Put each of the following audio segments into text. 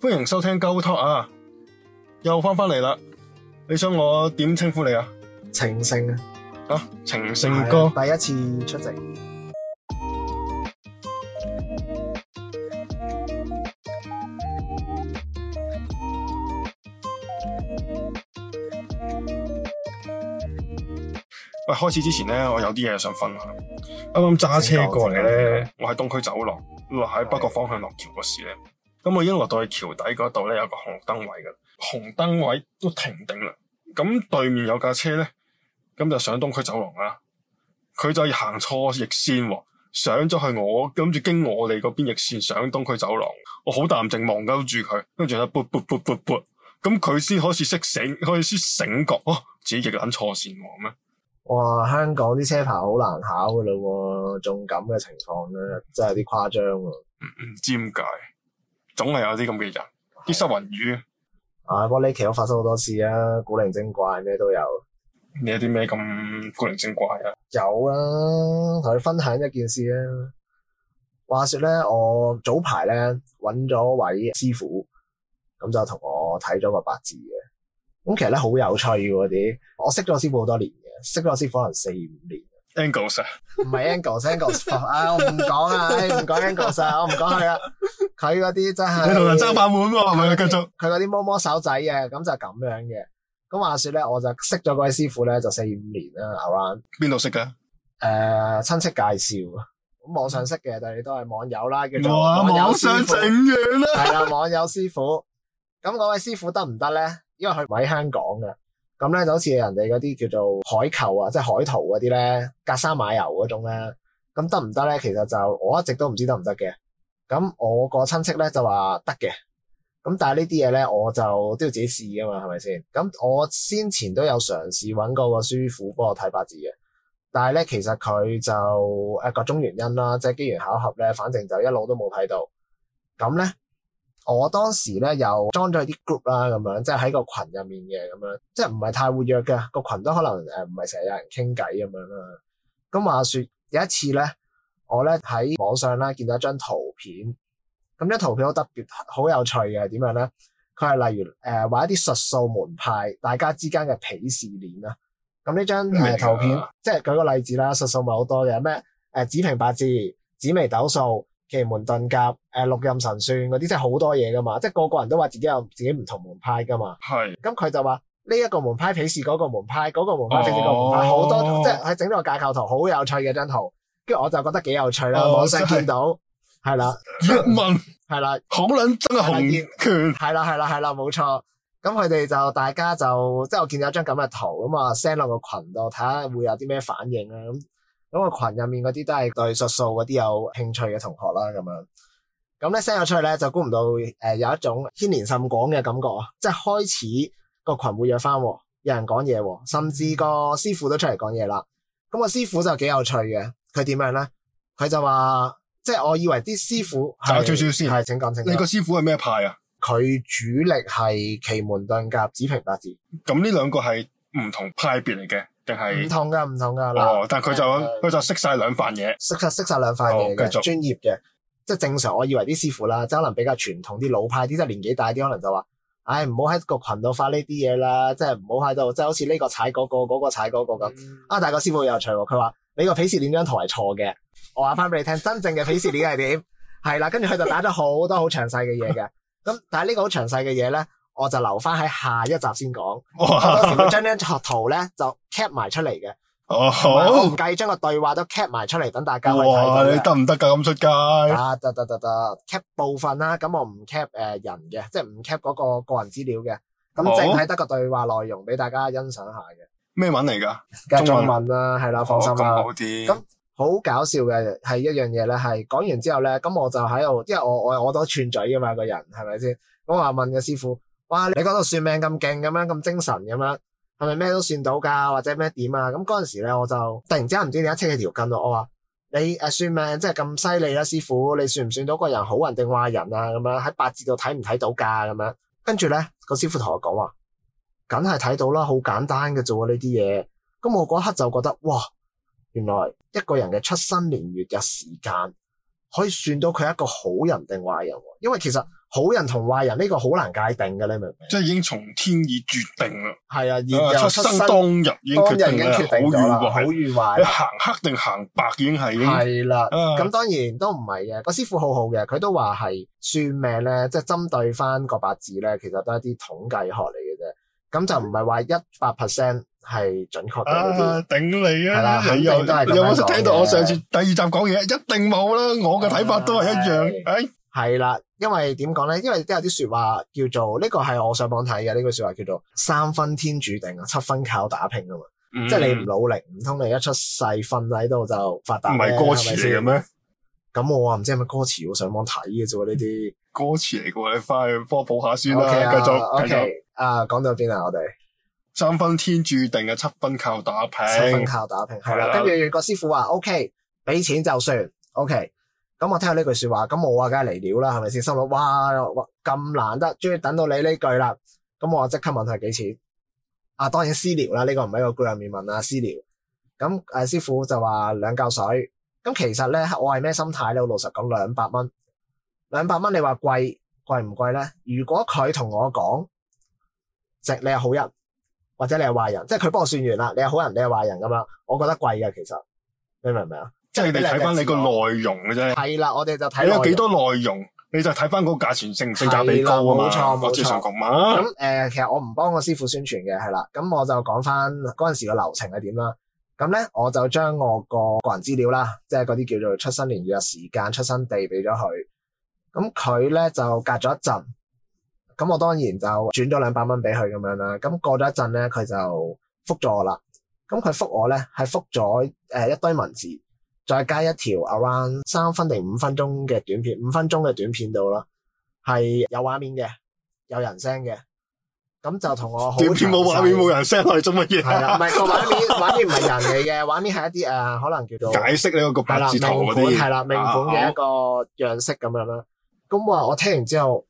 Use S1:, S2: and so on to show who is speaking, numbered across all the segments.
S1: 歡迎收聽鳩噏啊，又翻返嚟啦！你想我點稱呼你啊？情聖啊，啊
S2: 情聖哥，第一次出席。
S1: 喂，開始之前咧，我有啲嘢想分享。啱啱揸車過嚟咧，我喺東區走廊，喺北角方向落橋嗰時咧。咁我已經落到去橋底嗰度咧，有個紅燈位噶，紅燈位都停定啦。咁對面有架車咧，咁就上東區走廊啦。佢就要行錯逆線，上咗係我諗住經我哋嗰邊逆線上東區走廊。我好淡定望鳩住佢，跟住咧，卜卜卜卜卜咁，佢先開始識醒，開始醒覺，哦，自己逆捻錯線喎咁咩！
S2: 哇，香港啲車牌好難考噶啦，仲咁嘅情況咧，真係有啲誇張啊！唔、嗯、
S1: 唔知點解？總係有啲咁嘅人，啲失魂魚
S2: 啊，不過呢期都發生好多事啊，古靈精怪咩都有。你有啲咩咁古靈精怪啊？有啊，同你分享一件事啊。話說咧，我早排咧揾咗位師傅，咁就同我睇咗個八字嘅。咁其實咧好有趣嗰啲，我識咗師傅好多年嘅，識咗師傅可能四五年。Angles 唔係 Angles，Angles Ang 啊！我唔講啊，唔講 Angles 啊，我唔講佢啦。佢嗰啲真係你同人爭飯碗喎，係咪繼續。佢嗰啲摸摸手仔嘅，咁就咁樣嘅。咁話說咧，我就識咗嗰位師傅咧，就四五年啦。係咪邊度識嘅？誒、呃，親戚介紹，咁網上識嘅， 但係都係網友啦，叫做網友師傅啦。係 啦，網友師傅。咁嗰位師傅得唔得咧？因為佢唔喺香港嘅。咁咧就好似人哋嗰啲叫做海購啊，即係海淘嗰啲咧，隔山買油嗰種咧，咁得唔得咧？其實就我一直都唔知得唔得嘅。咁我個親戚咧就話得嘅，咁但係呢啲嘢咧我就都要自己試㗎嘛，係咪先？咁我先前都有嘗試揾過個師傅幫我睇八字嘅，但係咧其實佢就誒各種原因啦，即係機緣巧合咧，反正就一路都冇睇到。咁咧。我當時咧有裝咗啲 group 啦，咁樣即係喺個群入面嘅咁樣，即係唔係太活躍嘅，個群都可能誒唔係成日有人傾偈咁樣啦。咁話説有一次咧，我咧喺網上啦見到一張圖片，咁張圖片好特別，好有趣嘅係點樣咧？佢係例如誒、呃、畫一啲術數門派大家之間嘅鄙視鏈啊。咁呢張圖片即係舉個例子啦，術數咪好多嘅咩誒子平八字、紫微斗數。奇門遁甲、誒、呃、六壬神算嗰啲，即係好多嘢噶嘛，即係個個人都話自己有自己唔同門派噶嘛。係是。咁佢就話呢一個門派鄙視嗰個門派，嗰、嗰個門派鄙視嗰個門派，好、哦、多即係喺整咗個架構圖，好有趣嘅張圖。跟住我就覺得幾有趣啦，哦、網上見到係啦，洪門係啦，的嗯、可能真係洪拳係啦係啦係啦，冇錯。咁佢哋就大家就即係我見咗張咁嘅圖咁啊，send 落個群度睇下會有啲咩反應啦咁。咁個群入面嗰啲都係對術數嗰啲有興趣嘅同學啦，咁樣，咁咧，send 咗出去咧就估唔到誒，有一種牽連甚廣嘅感覺啊！即係開始個群活躍翻，有人講嘢，甚至個師傅都出嚟講嘢啦。咁、那個師傅就幾有趣嘅，佢點樣咧？佢就話，即係我以為啲師傅係最少先係，請講清你個師傅係咩派啊？佢主力係奇門遁甲、子平八字。咁呢兩個係唔同派別嚟嘅。定係唔同噶，唔同噶啦。哦、但係佢就佢、嗯、就識晒兩塊嘢，識晒識晒兩塊嘢嘅專業嘅，即係正常。我以為啲師傅啦，即係可能比較傳統啲老派啲，即係年紀大啲，可能就話，唉，唔好喺個群度發呢啲嘢啦，即係唔好喺度，即係好似呢個踩嗰、那個，嗰、那個踩嗰、那個咁。那個那個嗯、啊，但係個師傅有趣，佢話，你個鄙視鏈張圖係錯嘅，我話翻俾你聽， 真正嘅鄙視鏈係點？係啦， 跟住佢就打咗好多好詳細嘅嘢嘅。咁 但係呢個好詳細嘅嘢咧。我就留翻喺下一集先講，哇我到時將呢幅圖咧就 cap 埋出嚟嘅，
S1: 我唔計
S2: 將個對話都 cap 埋出嚟，等大家去睇下你得唔
S1: 得噶？咁出街？ 啊，
S2: 得得得得，cap 部分啦，咁我唔 cap 誒人嘅，即係唔 cap 嗰個個人資料嘅，咁淨係得個對話內容俾大家欣賞下嘅。
S1: 咩文嚟噶？中文啦，
S2: 係啦，放心啦。好啲。咁好搞笑嘅係一樣嘢咧，係講完之後咧，咁我就喺度，因為我我我都串嘴噶嘛，個人係咪先？是是我話問嘅師傅。哇！你嗰度算命咁勁咁樣，咁精神咁樣，係咪咩都算到噶？或者咩點啊？咁嗰陣時咧，我就突然之間唔知點解扯起條筋咯。我話你誒，算命真係咁犀利啦，師傅，你算唔算到個人好人定壞人啊？咁樣喺八字度睇唔睇到噶？咁樣，跟住咧個師傅同我講話，梗係睇到啦，好簡單嘅做呢啲嘢。咁我嗰刻就覺得哇，原來一個人嘅出生年月日時間可以算到佢係一個好人定壞人，因為其實。好人同壞人呢個好難界定嘅咧，你明唔明？即係已經從天已決定啦。係啊，而出生當日當日已經決定咗好與壞。你行黑定行白已經係已經係啦。咁了、啊、當然都唔係嘅，我師傅好好嘅，佢都話係算命咧，即係針對翻個八字咧，其實都係一啲統計學嚟嘅啫。咁就唔係話一百 percent 係準確嘅。頂、啊、你啊！係啦，係有。有冇我聽到我上次第二集講嘢，一定冇啦。我嘅睇法都係一樣。誒，係啦。因為點講咧？因為都有啲說話叫做呢、這個係我上網睇嘅呢句說話叫做三分天注定啊，七分靠打拼噶嘛。嗯、即係你唔努力，唔通你一出世瞓喺度就發達唔係歌詞嚟嘅咩？咁我話唔知係咪歌詞，我上網睇嘅啫。呢啲歌詞嚟嘅，你翻去科普下先啦。繼、okay 啊、續，繼續。啊，講到邊啊？我哋三分天注定啊，七分靠打拼。七分靠打拼。係啦了。跟住嗰個師傅話，O K，俾錢就算。O K。咁我聽下呢句說話，咁我啊梗係嚟料啦，係咪先？心諗哇，咁難得終於等到你呢句啦，咁我即刻問佢幾錢？啊，當然私聊啦，呢、這個唔係個句入面問啊，私聊。咁誒、啊，師傅就話兩嚿水。咁其實咧，我係咩心態咧？我老實講，兩百蚊，兩百蚊你話貴貴唔貴咧？如果佢同我講，值、就是、你係好人，或者你係壞人，即係佢幫我算完啦，你係好人，你係壞人咁樣，我覺得貴嘅，其實你明唔明啊？即係你睇翻你個內容嘅啫，係啦，我哋就睇有幾
S1: 多內容，你就睇翻嗰個價錢，性性價比高啊！冇錯，冇錯。咁誒、
S2: 呃，其實我唔幫個師傅宣傳嘅，係啦。咁我就講翻嗰陣時個流程係點啦。咁咧，我就將我個個人資料啦，即係嗰啲叫做出生年月日、時間、出生地，俾咗佢。咁佢咧就隔咗一陣，咁我當然就轉咗兩百蚊俾佢咁樣啦。咁過咗一陣咧，佢就復咗我啦。咁佢復我咧係復咗誒一堆文字。再加一條 around 三分定五分鐘嘅短片，五分鐘嘅短片度咯，係有畫面嘅，有人聲嘅，咁就同我。短片冇畫面，冇人
S1: 聲，我哋做乜嘢？係啦，唔係個畫面，畫面唔係人嚟
S2: 嘅，畫面係一啲誒，可能叫做解釋呢個八字圖嗰啲。係啦，命盤嘅一個樣式咁樣啦。咁我我聽完之後。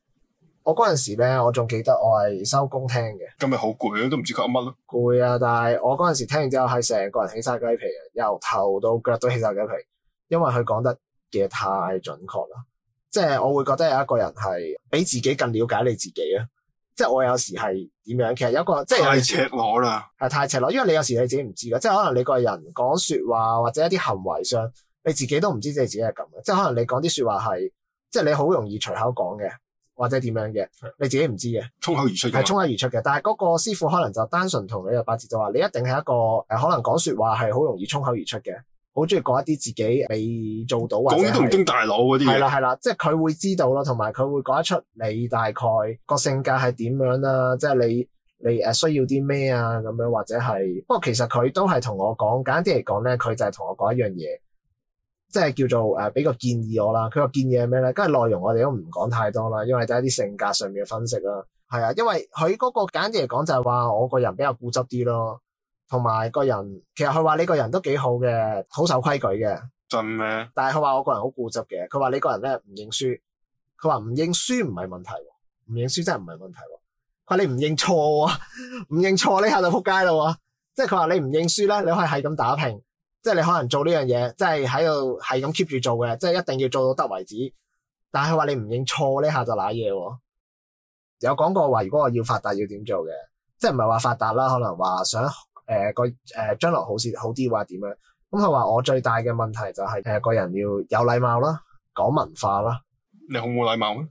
S2: 我嗰陣時咧，我仲記得我係收工聽嘅。今日好攰啊，都唔知講乜咯。攰啊！但係我嗰陣時聽完之後，係成個人起晒雞皮嘅，由頭到腳都起晒雞皮。因為佢講得嘅太準確啦，即係我會覺得有一個人係比自己更了解你自己啊！即係我有時係點樣，其實有一個即係太赤裸啦，係太赤裸，因為你有時你自己唔知噶，即係可能你個人講說話或者一啲行為上，你自己都唔知你自己係咁嘅。即係可能你講啲說話係，即係你好容易隨口講嘅。或者點樣嘅，你自己唔知嘅，衝口而出嘅，係衝口而出嘅。但係嗰個師傅可能就單純同你嘅八字就話，你一定係一個誒、呃，可能講説話係好容易衝口而出嘅，好中意講一啲自己未做到或者係講啲都唔經大腦嗰啲嘅。係啦，係啦，即係佢會知道咯，同埋佢會講得出你大概個性格係點樣啦，即係你你誒需要啲咩啊咁樣，或者係。不過其實佢都係同我講，簡單啲嚟講咧，佢就係同我講一樣嘢。即係叫做誒俾、呃、個建議我啦，佢個建議係咩咧？梗係內容我哋都唔講太多啦，因為就係啲性格上面嘅分析啦。係啊，因為佢嗰個簡直嚟講就係話我個人比較固執啲咯，同埋個人其實佢話你個人都幾好嘅，好守規矩嘅。
S1: 真咩？
S2: 但係佢話我個人好固執嘅，佢話你個人咧唔認輸，佢話唔認輸唔係問題，唔認輸真係唔係問題。佢話你唔認錯喎、啊，唔 認錯呢下就撲街啦。即係佢話你唔認輸咧，你可以係咁打拼。即係你可能做呢樣嘢，即係喺度係咁 keep 住做嘅，即係一定要做到得為止。但係佢話你唔認錯呢下就瀨嘢。有講過話，如果我要發達要點做嘅，即係唔係話發達啦，可能話想誒個誒將來好少好啲，話點樣？咁佢話我最大嘅問題就係、是、誒、呃、個人要有禮貌啦，講文化啦。你好冇禮貌咩？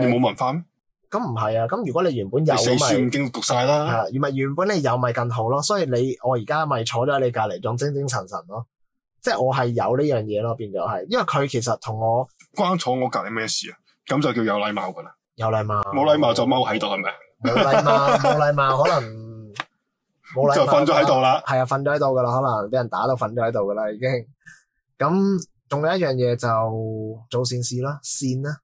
S2: 你冇文化咩？呃咁唔係啊，咁如果你原本有咪，你死書經駁晒啦，係咪是原本你有咪更好咯？所以你我而家咪坐咗喺你隔籬，仲精精神神咯。即係我係有呢樣嘢咯，變咗係，因為佢其實同我關坐我隔籬咩事啊？咁就叫有禮貌噶啦，有禮貌，冇禮貌
S1: 就踎喺度係咪？冇
S2: 禮貌，冇禮 貌，可能冇禮就瞓咗喺度啦。係啊，瞓咗喺度噶啦，可能俾人打到瞓咗喺度噶啦已經。咁 仲有一樣嘢就做善事啦，善啦，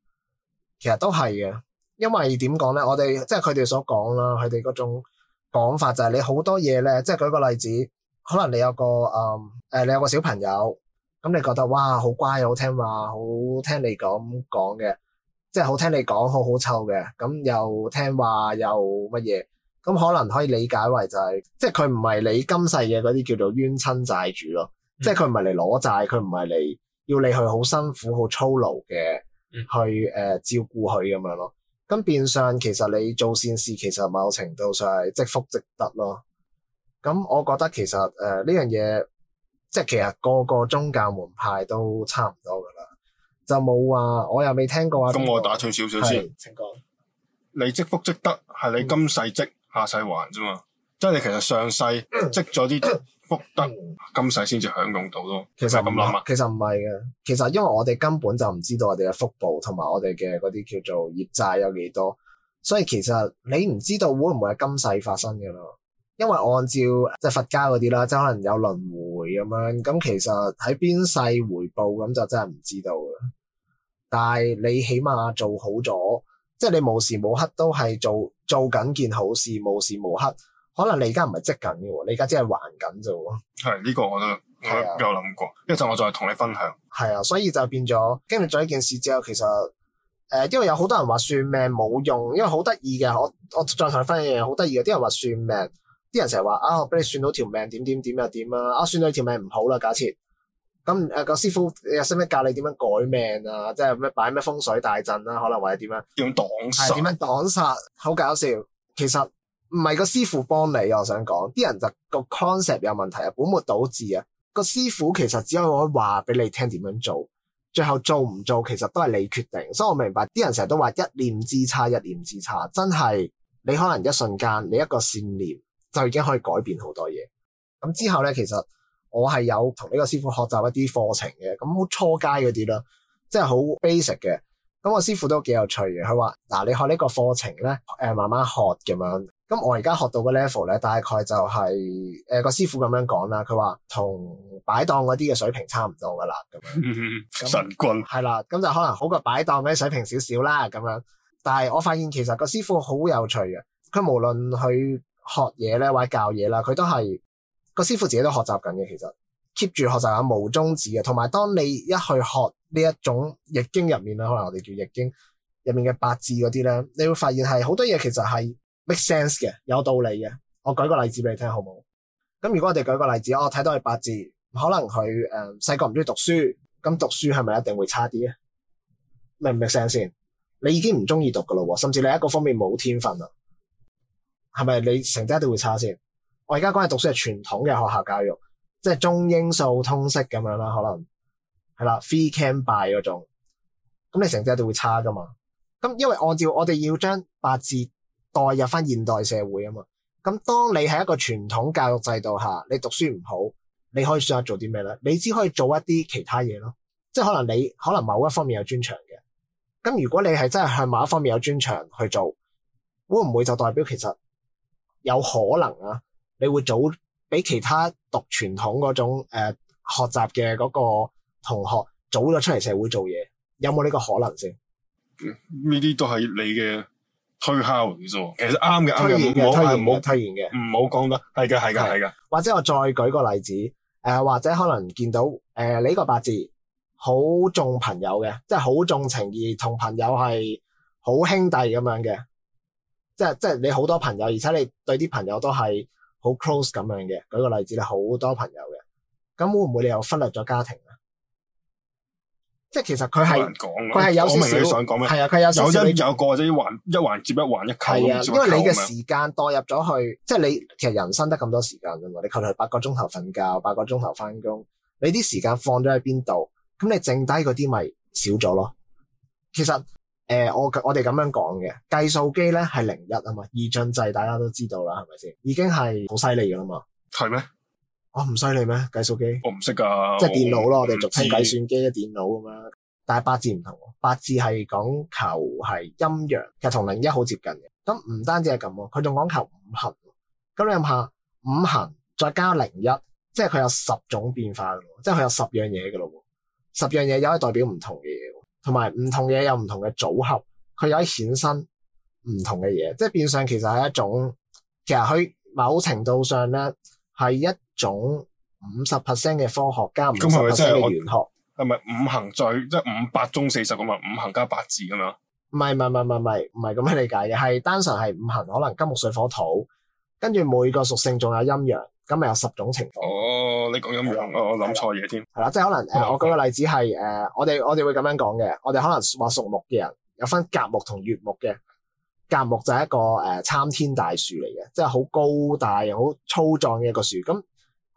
S2: 其實都係嘅。因為點講咧，我哋即係佢哋所講啦，佢哋嗰種講法就係你好多嘢咧，即係舉個例子，可能你有個誒誒、呃，你有個小朋友咁，你覺得哇好乖又好聽話，好聽你咁講嘅，即係好聽你講，好好湊嘅，咁又聽話又乜嘢，咁可能可以理解為就係、是、即係佢唔係你今世嘅嗰啲叫做冤親債主咯，嗯、即係佢唔係嚟攞債，佢唔係嚟要你去好辛苦好操勞嘅去誒、嗯呃、照顧佢咁樣咯。咁變相其實你做善事其實某程度上係積福積德咯。咁我覺得其實誒呢、呃、樣嘢，即係其實個個宗教門派都差唔多噶啦，就冇話我又未聽過話。咁、嗯、我打趣少少先，請
S1: 講。你積福積德係你今世積下世還啫嘛，即係你其實上世積咗啲。嗯嗯福德今世先至享用到咯，其實咁諗，其
S2: 實唔係嘅，其實因為我哋根本就唔知道我哋嘅福報同埋我哋嘅嗰啲叫做業債有幾多，所以其實你唔知道會唔會係今世發生嘅咯，因為按照即係佛家嗰啲啦，即係可能有輪迴咁樣，咁其實喺邊世回報咁就真係唔知道嘅，但係你起碼做好咗，即係你無時無刻都係做做緊件好事，無時無刻。可能你而家唔係積緊嘅喎，你而家只係還緊啫
S1: 喎。係呢個我都有諗過，一陣我再同你分享。
S2: 係啊，所以就變咗，經歷咗呢件事之後，其實誒、呃，因為有好多人話算命冇用，因為好得意嘅。我我再同你分享一樣好得意嘅，啲人話算命，啲人成日話啊，我俾你算到條命點點點又點啊，啊算到你條命唔好啦，假設咁誒個師傅識唔識教你點樣改命啊？即係咩擺咩風水大陣啊？可能或者點樣用擋煞？點樣擋煞？好搞笑，其實。唔係個師傅幫你，我想講啲人就個 concept 有問題啊，本末倒置啊。個師傅其實只可以話俾你聽點樣做，最後做唔做其實都係你決定。所以我明白啲人成日都話一念之差，一念之差真係你可能一瞬間你一個善念就已經可以改變好多嘢。咁之後呢，其實我係有同呢個師傅學習一啲課程嘅，咁好初階嗰啲啦，即係好 basic 嘅。咁個師傅都幾有趣嘅，佢話嗱，你學呢個課程呢，誒慢慢學咁樣。咁我而家學到嘅 level 咧，大概就係誒個師傅咁樣講啦，佢話同擺檔嗰啲嘅水平差唔多噶啦，咁樣、
S1: 嗯、那神
S2: 棍係啦，咁、嗯、就可能好過擺檔嘅水平少少啦，咁樣。但係我發現其實個師傅好有趣嘅，佢無論去學嘢咧或者教嘢啦，佢都係個師傅自己都學習緊嘅，其實 keep 住學習下，無終止嘅。同埋當你一去學呢一種易經入面啦，可能我哋叫易經入面嘅八字嗰啲咧，你會發現係好多嘢其實係。Make sense 嘅，有道理嘅。我舉個例子俾你聽，好冇？咁如果我哋舉個例子，哦、我睇到佢八字，可能佢誒細個唔中意讀書，咁讀書係咪一定會差啲啊？明唔明先？你已經唔中意讀噶啦，甚至你一個方面冇天分啦，係咪？你成績一定會差先？我而家講嘅讀書係傳統嘅學校教育，即係中英數通識咁樣啦，可能係啦，free can buy 嗰種咁，你成績一定會差噶嘛？咁因為按照我哋要將八字。代入翻現代社會啊嘛，咁當你係一個傳統教育制度下，你讀書唔好，你可以選擇做啲咩咧？你只可以做一啲其他嘢咯，即係可能你可能某一方面有專長嘅。咁如果你係真係向某一方面有專長去做，會唔會就代表其實有可能啊？你會早畀其他讀傳統嗰種誒、呃、學習嘅嗰個同學早咗出嚟社會做嘢，有冇呢個可能性？
S1: 呢啲都係你嘅。推銷嘅啫，其實啱嘅，啱嘅，唔好唔好唔好推薦
S2: 嘅，唔好講得，係嘅，係嘅別。係噶。或者我再舉個例子，誒、呃、或者可能見到誒呢、呃、個八字好重朋友嘅，即係好重情義，同朋友係好兄弟咁樣嘅，即係即係你好多朋友，而且你對啲朋友都係好 close 咁樣嘅。舉個例子，你好多朋友嘅，咁會唔會你又忽略咗家庭？即係其實佢係佢係有少少，係啊，佢有有一有一個
S1: 或者一環一環接一環一扣咁，啊，因為你嘅時
S2: 間代入咗去，即係你其實人生得咁多時間噶嘛，你求其八個鐘頭瞓覺，八個鐘頭返工，你啲時間放咗喺邊度？咁你剩低嗰啲咪少咗咯。其實誒、呃，我我哋咁樣講嘅計數機咧係零一啊嘛，二進制大家都知道啦，係咪先？已經係好犀利噶啦嘛。係咩？哦、我唔犀利咩？計數機，我唔識噶，即係電腦咯，我哋俗稱計算機嘅電腦咁樣。但係八字唔同，八字係講求係陰陽，其實同零一好接近嘅。咁唔單止係咁，佢仲講求五行。咁你諗下，五行再加零一，即係佢有十種變化噶，即係佢有十樣嘢噶咯。十樣嘢又可以代表唔同嘅嘢，同埋唔同嘢有唔同嘅組合，佢有啲衍生唔同嘅嘢，即係變相其實係一種，其實佢某程度上咧係一。總五十 percent 嘅科學加五十 percent 嘅玄學，
S1: 係咪五行最？即係五百中四十咁啊？五行加八字
S2: 咁樣？唔係唔係唔係唔係唔係咁樣理解嘅，係單純係五行可能金木水火土，跟住每個屬性仲有陰陽，咁咪有十種情況。哦，你講陰陽，對我我諗錯嘢添。係啦，即係可能誒，白我舉個例子係誒，我哋我哋會咁樣講嘅，我哋可能話屬木嘅人有分甲木同乙木嘅，甲木就係一個誒參天大樹嚟嘅，即係好高大又好粗壯嘅一個樹咁。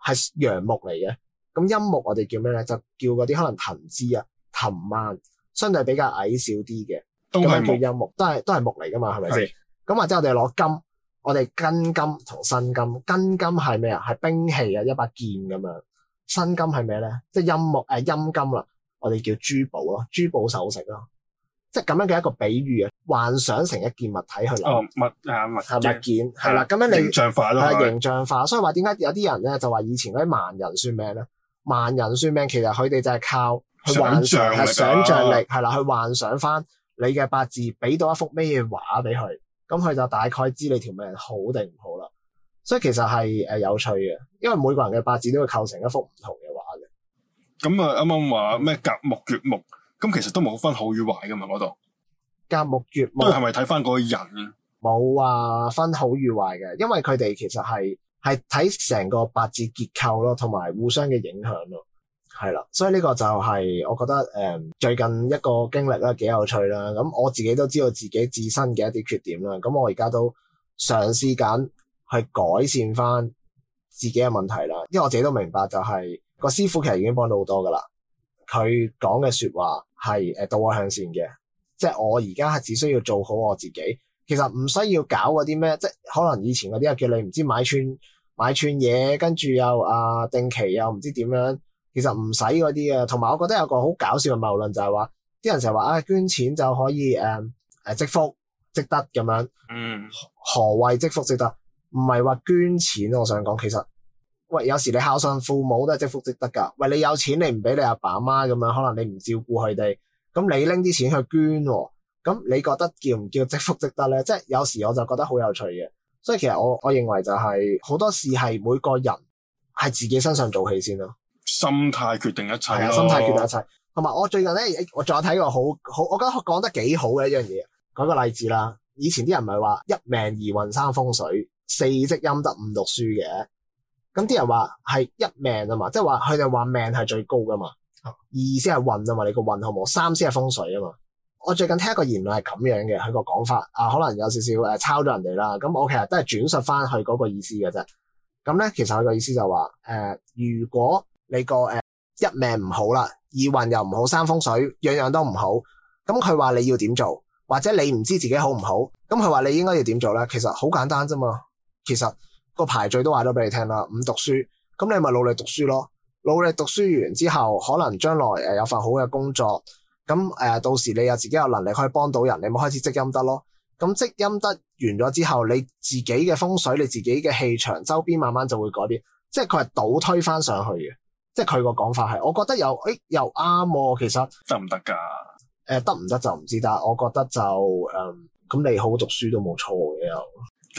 S2: 係陽木嚟嘅，咁陰木我哋叫咩咧？就叫嗰啲可能藤枝啊、藤蔓，相對比較矮小啲嘅。咁係叫陰木，都係都係木嚟噶嘛，係咪先？咁是或者我哋攞金，我哋金金同新金，金金係咩啊？係兵器啊，一把劍咁樣。新金係咩咧？即、就、陰、是、木誒，陰、啊、金啦，我哋叫珠寶咯，珠寶首飾咯。即係咁樣嘅一個比喻啊，幻想成一件物體去、哦、物吓
S1: 物係物件係啦，咁樣你形象化咯係形
S2: 象化，所以話點解有啲人咧就話以前嗰啲盲人算命咧，盲人算命其實佢哋就係靠去幻想係想象力係、啊、啦，去幻想翻你嘅八字，俾到一幅咩嘢畫俾佢，咁佢就大概知你條命好定唔好啦。所以其實係誒有趣嘅，因為每個人嘅八字都會構成一幅唔同嘅畫嘅。
S1: 咁啊、嗯，啱啱話咩甲木乙木。嗯嗯咁其實都冇分好與壞噶
S2: 嘛，嗰度甲木月木係咪睇翻嗰個人？冇啊，分好與壞嘅，因為佢哋其實係係睇成個八字結構咯，同埋互相嘅影響咯，係啦。所以呢個就係我覺得誒、嗯、最近一個經歷啦，幾有趣啦。咁我自己都知道自己自身嘅一啲缺點啦，咁我而家都嘗試緊去改善翻自己嘅問題啦。因為我自己都明白就係個師傅其實已經幫到好多噶啦。佢講嘅説話係誒導我向善嘅，即係我而家係只需要做好我自己，其實唔需要搞嗰啲咩，即係可能以前嗰啲又叫你唔知買串買串嘢，跟住又啊定期又唔知點樣，其實唔使嗰啲啊。同埋我覺得有個好搞笑嘅謬論就係話，啲人成日話啊捐錢就可以誒誒、啊、積福積德咁樣，嗯，何謂積福積德？唔係話捐錢，我想講其實。喂，有時你孝順父母都係積福積德噶。喂，你有錢你唔俾你阿爸阿媽咁樣，可能你唔照顧佢哋，咁你拎啲錢去捐，咁你覺得叫唔叫積福積德咧？即係有時我就覺得好有趣嘅。所以其實我我認為就係、是、好多事係每個人係自己身上做起先咯。
S1: 心態決定一切，係啊，心態決定一切。
S2: 同埋我最近咧，我仲有睇過好好，我覺得講得幾好嘅一樣嘢。舉個例子啦，以前啲人唔係話一命二運三風水，四積陰德五讀書嘅。咁啲人話係一命啊嘛，即係話佢哋話命係最高噶嘛，二先係運啊嘛，你個運好冇？三先係風水啊嘛。我最近聽一個言論係咁樣嘅，佢個講法啊，可能有少少誒抄咗人哋啦。咁我其實都係轉述翻佢嗰個意思嘅啫。咁咧，其實佢個意思就話、係、誒、呃，如果你個誒一命唔好啦，二運又唔好，三風水樣樣都唔好，咁佢話你要點做？或者你唔知自己好唔好？咁佢話你應該要點做咧？其實好簡單啫嘛，其實。個排序都話咗俾你聽啦，唔讀書，咁你咪努力讀書咯。努力讀書完之後，可能將來誒有份好嘅工作，咁誒、呃、到時你有自己有能力可以幫到人，你咪開始積陰德咯。咁、嗯、積陰德完咗之後，你自己嘅風水、你自己嘅氣場，周邊慢慢就會改變，即係佢係倒推返上去嘅，即係佢個講法係。我覺得、欸、又誒又啱，其實得唔得㗎？誒得唔得就唔知，但係我覺得就誒咁，嗯、你好好讀書都冇錯嘅。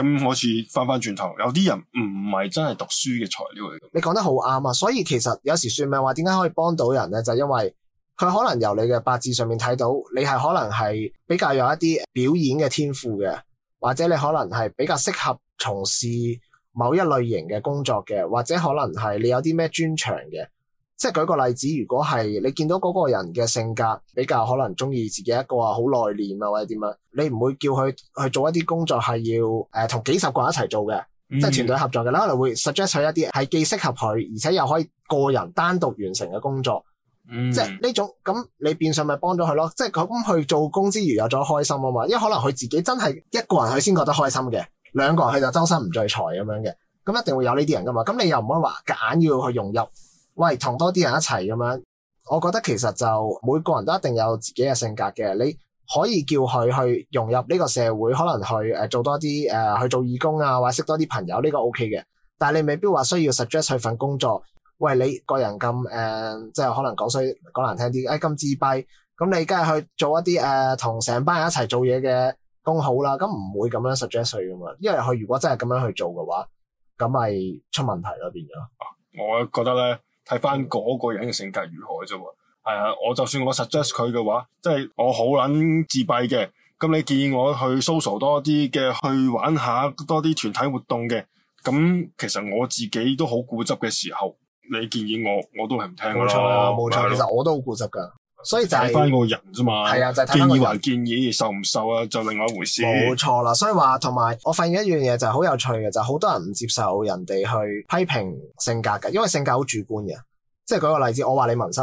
S2: 咁好似翻翻轉頭，有啲人唔係真係讀書嘅材料嚟。你講得好啱啊！所以其實有時算命話點解可以幫到人咧，就係、因為佢可能由你嘅八字上面睇到，你係可能係比較有一啲表演嘅天賦嘅，或者你可能係比較適合從事某一類型嘅工作嘅，或者可能係你有啲咩專長嘅。即係舉個例子，如果係你見到嗰個人嘅性格比較可能中意自己一個啊，好內斂啊，或者點樣，你唔會叫佢去做一啲工作係要誒同、呃、幾十個人一齊做嘅，嗯、即係團隊合作嘅咧，可能會 suggest 佢一啲係既適合佢，而且又可以個人單獨完成嘅工作。嗯、即係呢種咁，你變相咪幫咗佢咯。即係咁去做工之餘有咗開心啊嘛，因為可能佢自己真係一個人佢先覺得開心嘅，兩個人佢就周身唔聚財咁樣嘅，咁一定會有呢啲人噶嘛。咁你又唔可以話夾硬要去融入。喂，同多啲人一齊咁樣，我覺得其實就每個人都一定有自己嘅性格嘅，你可以叫佢去融入呢個社會，可能去誒、呃、做多啲誒、呃、去做義工啊，或者識多啲朋友，呢、這個 O K 嘅。但係你未必話需要 suggest 佢份工作。喂，你個人咁誒、呃，即係可能講衰講難聽啲，誒、哎、咁自閉，咁你梗係去做一啲誒同成班人一齊做嘢嘅工好啦。咁唔會咁樣 suggest 佢噶嘛，因為佢如果真係咁樣去做嘅話，咁咪出問題咯變咗。我覺得咧。睇翻
S1: 嗰個人嘅性格如何啫喎，係啊，我就算我 suggest 佢嘅話，即係我好撚自閉嘅，咁你建議我去 social 多啲嘅，去玩下多啲團體活動嘅，咁其實我自己都好固執嘅時候，你建議我我都係唔聽，冇錯啊，冇錯，的其實我都好固執㗎。
S2: 所以就係睇翻個人啫嘛，係啊，就係睇翻個建議，
S1: 建議受唔受啊，就另外一回事。冇錯
S2: 啦，所以話，同埋我發現一樣嘢就係好有趣嘅，就係、是、好多人唔接受人哋去批評性格嘅，因為性格好主觀嘅。即係舉個例子，我話你文室，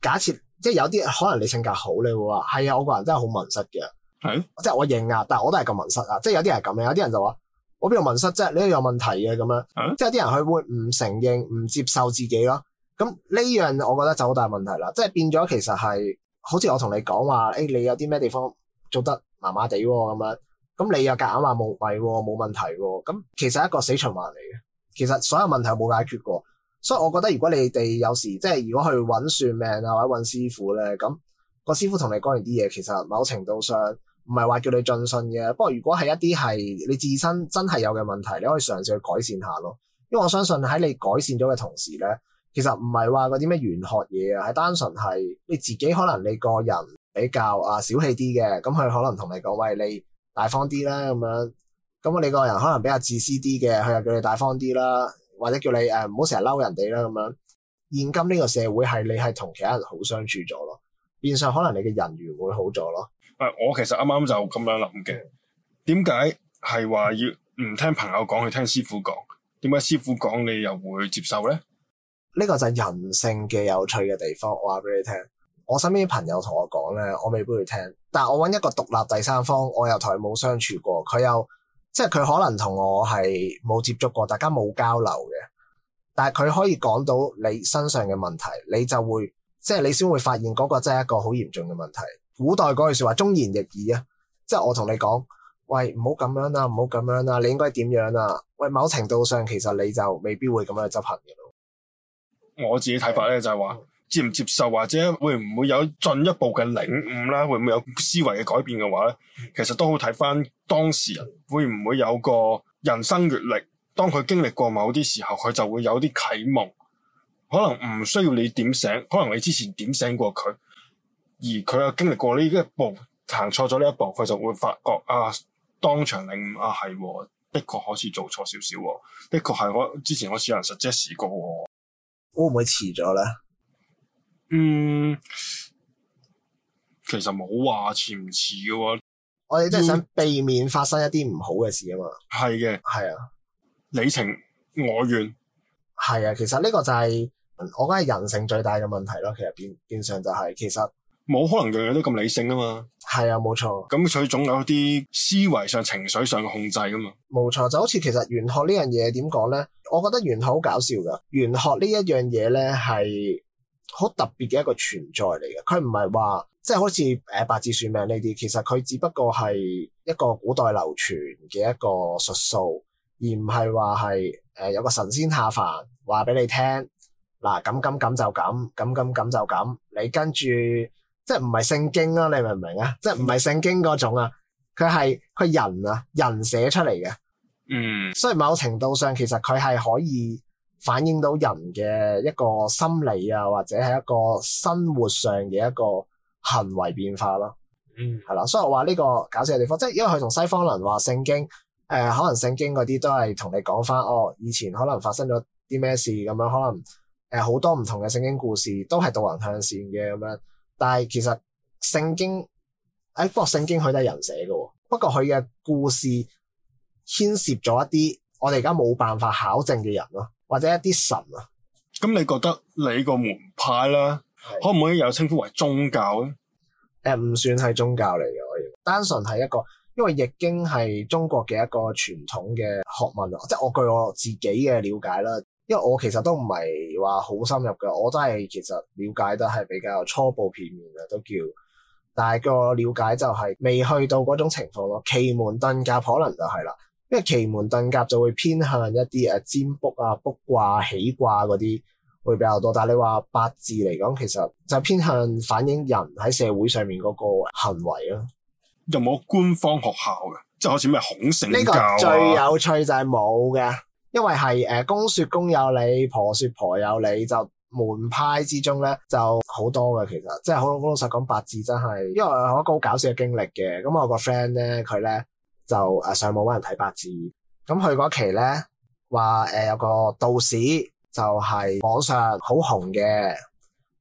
S2: 假設即係有啲可能你性格好，你會話係啊，我個人真係好文室嘅。係嗎，即係我認啊，但係我都係咁文室啊。即係有啲人咁樣，有啲人就話我邊度文室，即係你都有問題嘅咁樣。嗎即係有啲人佢會唔承認、唔接受自己咯。咁呢樣我覺得就好大問題啦，即係變咗其實係好似我同你講話，誒、欸、你有啲咩地方做得麻麻地喎咁樣，咁你又夾硬話冇係喎，冇問題喎、啊，咁其實一個死循環嚟嘅，其實所有問題冇解決過，所以我覺得如果你哋有時即係如果去揾算命啊或者揾師傅咧，咁個師傅同你講完啲嘢，其實某程度上唔係話叫你盡信嘅，不過如果係一啲係你自身真係有嘅問題，你可以嘗試去改善下咯，因為我相信喺你改善咗嘅同時咧。其實唔係話嗰啲咩玄學嘢啊，係單純係你自己可能你個人比較啊小氣啲嘅，咁佢可能同你講，喂，你大方啲啦咁樣。咁你個人可能比較自私啲嘅，佢又叫你大方啲啦，或者叫你誒唔好成日嬲人哋啦，咁樣，現今呢個社會係你係同其他人好相處咗咯，變相可能你嘅人緣會好咗咯。
S1: 唔，我其實啱啱就咁樣諗嘅，點解係話要唔聽朋
S2: 友講，去聽師傅講？點解師傅講你又會接受咧？呢個就係人性嘅有趣嘅地方，我話俾你聽。我身邊啲朋友同我講咧，我未必會聽，但係我揾一個獨立第三方，我又同佢冇相處過，佢又即係佢可能同我係冇接觸過，大家冇交流嘅，但係佢可以講到你身上嘅問題，你就會即係你先會發現嗰個真係一個好嚴重嘅問題。古代嗰句説話，忠言逆耳啊，即係我同你講喂，唔好咁樣啦，唔好咁樣啦，你應該點樣啊？喂，某程度上其實你就未必會咁樣去執行嘅。
S1: 我自己睇法咧就係話接唔接受，或者會唔會有進一步嘅領悟啦，會唔會有思維嘅改變嘅話咧，其實都好睇翻當事人會唔會有個人生閱歷，當佢經歷過某啲時候，佢就會有啲啟蒙，可能唔需要你點醒，可能你之前點醒過佢，而佢又經歷過呢一步行錯咗呢一步，佢就會發覺啊，當場領悟啊係、哦、的確好似做錯少少，的確係我之前好似有人 suggest 過。會唔會遲咗咧？嗯，其實冇話遲唔遲嘅。
S2: 我哋真係想避免發生一啲唔好嘅事啊嘛。係嘅、嗯，係啊，的你情我願。係啊，其實呢個就係我覺得係人性最大嘅問題咯。其實變變相就係、是、其實。
S1: 冇可能樣樣都咁理性啊嘛，
S2: 係啊，冇錯。
S1: 咁佢總有一啲思維上、情緒上嘅控制噶嘛，
S2: 冇錯。就好似其實玄學呢樣嘢點講咧？我覺得玄學好搞笑噶。玄學呢一樣嘢咧係好特別嘅一個存在嚟嘅。佢唔係話即係好似誒八字算命呢啲，其實佢只不過係一個古代流傳嘅一個術數，而唔係話係誒有個神仙下凡話俾你聽嗱，咁咁咁就咁，咁咁咁就咁，你跟住。即係唔係聖經啊，你明唔明啊？即係唔係聖經嗰種啊，佢係佢人啊人寫出嚟嘅，嗯，所以某程度上其實佢係可以反映到人嘅一個心理啊，或者係一個生活上嘅一個行為變化咯、啊，嗯，係啦，所以我話呢個搞笑嘅地方，即係因為佢同西方人話聖經，誒、呃，可能聖經嗰啲都係同你講翻，哦，以前可能發生咗啲咩事咁樣，可能誒好多唔同嘅聖經故事都係導人向善嘅咁樣。但係，其實聖經誒，不過聖經佢都係人寫嘅，不過佢嘅故事牽涉咗一啲我哋而家冇辦法考證嘅人咯，或者一啲神啊。
S1: 咁你覺得你個
S2: 門派啦，的可唔可以有稱呼為宗教咧？誒、呃，唔算係宗教嚟嘅，我認為，單純係一個，因為易經係中國嘅一個傳統嘅學問啊，即係我據我自己嘅了解啦。因為我其實都唔係話好深入嘅，我都係其實了解得係比較初步片面嘅，都叫，但係個了解就係未去到嗰種情況咯。奇門遁甲可能就係啦，因為奇門遁甲就會偏向一啲誒占卜啊，卜卦啊，卜卦啊、起卦嗰啲會比較多。但係你話八字嚟講，其實就偏向反映人喺社會上面嗰個行為咯。又冇官方學校嘅，
S1: 即係好似咩孔聖教啊？呢個最有
S2: 趣就係冇嘅。因為係誒公說公有理，婆說婆有理，就門派之中咧就好多嘅其實，即係好老老實講八字真係。因為我一個好搞笑嘅經歷嘅，咁我個 friend 咧佢咧就誒上網揾人睇八字，咁佢嗰期咧話誒有個道士就係、是、網上好紅嘅，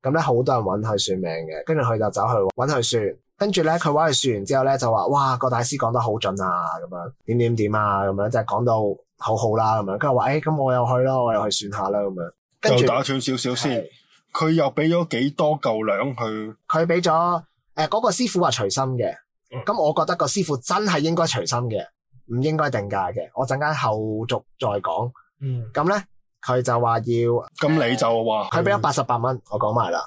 S2: 咁咧好多人揾佢算命嘅，跟住佢就走去揾佢算，跟住咧佢揾佢算完之後咧就話哇、那個大師講得好準啊，咁樣點點點啊，咁樣即係講到。好好啦咁樣，跟住話誒，咁、哎、我又去咯，我又去算下啦咁樣，跟住打斷少是少先。佢又俾咗幾多嚿兩去？佢俾咗誒，嗰、呃嗰個師傅話隨心嘅，咁、嗯、我覺得個師傅真係應該隨心嘅，唔應該定價嘅。我陣間後續再講。嗯，咁咧佢就話要，咁你就話佢俾咗八十八蚊，嗯、我講埋啦。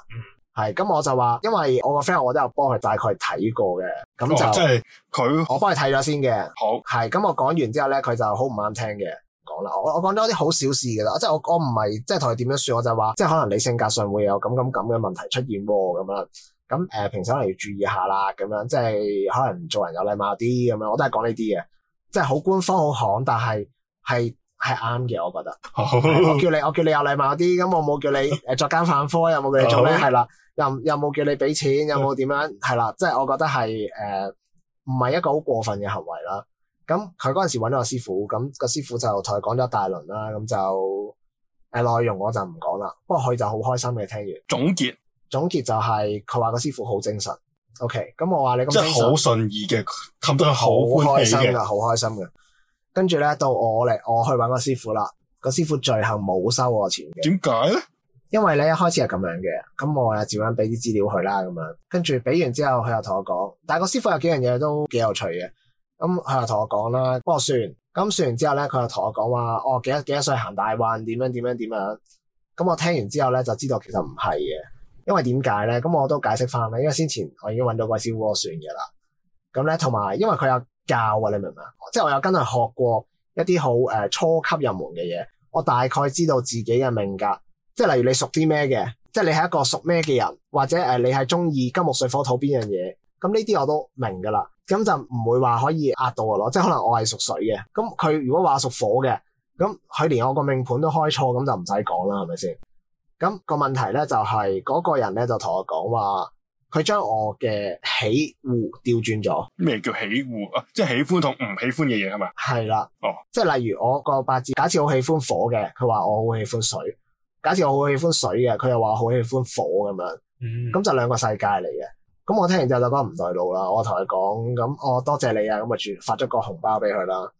S2: 係，咁我就話，因為我個 friend 我都有幫佢大概睇過嘅，咁就、哦、即係佢我幫佢睇咗先嘅。好，係，咁我講完之後咧，佢就好唔啱聽嘅，講啦。我我講咗啲好小事噶啦，即係我我唔係即係同佢點樣說，我就話，即係可能你性格上會有咁咁咁嘅問題出現咁樣，咁誒、呃、平時可能要注意下啦，咁樣即係可能做人有禮貌啲咁樣，我都係講呢啲嘅，即係好官方好行，但係係係啱嘅，我覺得。好我叫你我叫你有禮貌啲，咁我冇叫你誒作奸犯科，有冇叫你做咧？係啦好。又又冇叫你俾錢，有冇點樣？係啦、嗯，即係我覺得係誒，唔、呃、係一個好過分嘅行為啦。咁佢嗰陣時揾咗個師傅，咁個師傅就同佢講咗一大輪啦。咁就誒、呃、內容我就唔講啦。不過佢就好開心嘅聽完。總結總結就係佢話個師傅好精神。O K，咁我話你咁即係好順意嘅，
S1: 氹到佢好開心㗎，
S2: 好開心嘅。跟住咧到我嚟，我去揾個師傅啦。個師傅最後冇收我錢嘅。點解咧？因為咧一開始係咁樣嘅，咁我又照樣俾啲資料佢啦，咁樣跟住俾完之後，佢又同我講，但係個師傅有幾樣嘢都幾有趣嘅，咁佢又同我講啦，不過算，咁算完之後咧，佢又同我講話，哦，幾多幾多歲行大運，點樣點樣點樣，咁我聽完之後咧，就知道其實唔係嘅，因為點解咧？咁我都解釋翻咧，因為先前我已經揾到個師傅算嘅啦，咁咧同埋因為佢有教啊，你明唔明？即係我有跟佢學過一啲好誒初級入門嘅嘢，我大概知道自己嘅命格。即係例如你屬啲咩嘅，即係你係一個屬咩嘅人，或者誒你係中意金木水火土邊樣嘢，咁呢啲我都明噶啦，咁就唔會話可以壓到我咯。即係可能我係屬水嘅，咁佢如果話屬火嘅，咁佢連我個命盤都開錯，咁就唔使講啦，係咪先？咁個問題咧就係嗰個人咧就同我講話，佢將我嘅喜惡調轉咗。
S1: 咩叫喜惡啊？即係喜歡同唔喜歡嘅嘢係嘛？
S2: 啊？係啦的，哦，即係例如我個八字假設好喜歡火嘅，佢話我好喜歡水。假設我好喜歡水嘅，佢又話好喜歡火咁樣，咁、嗯、就兩個世界嚟嘅。咁我聽完之後就講唔對路啦。我同佢講，咁我多謝，謝你啊，咁咪住，發咗個紅包俾佢啦。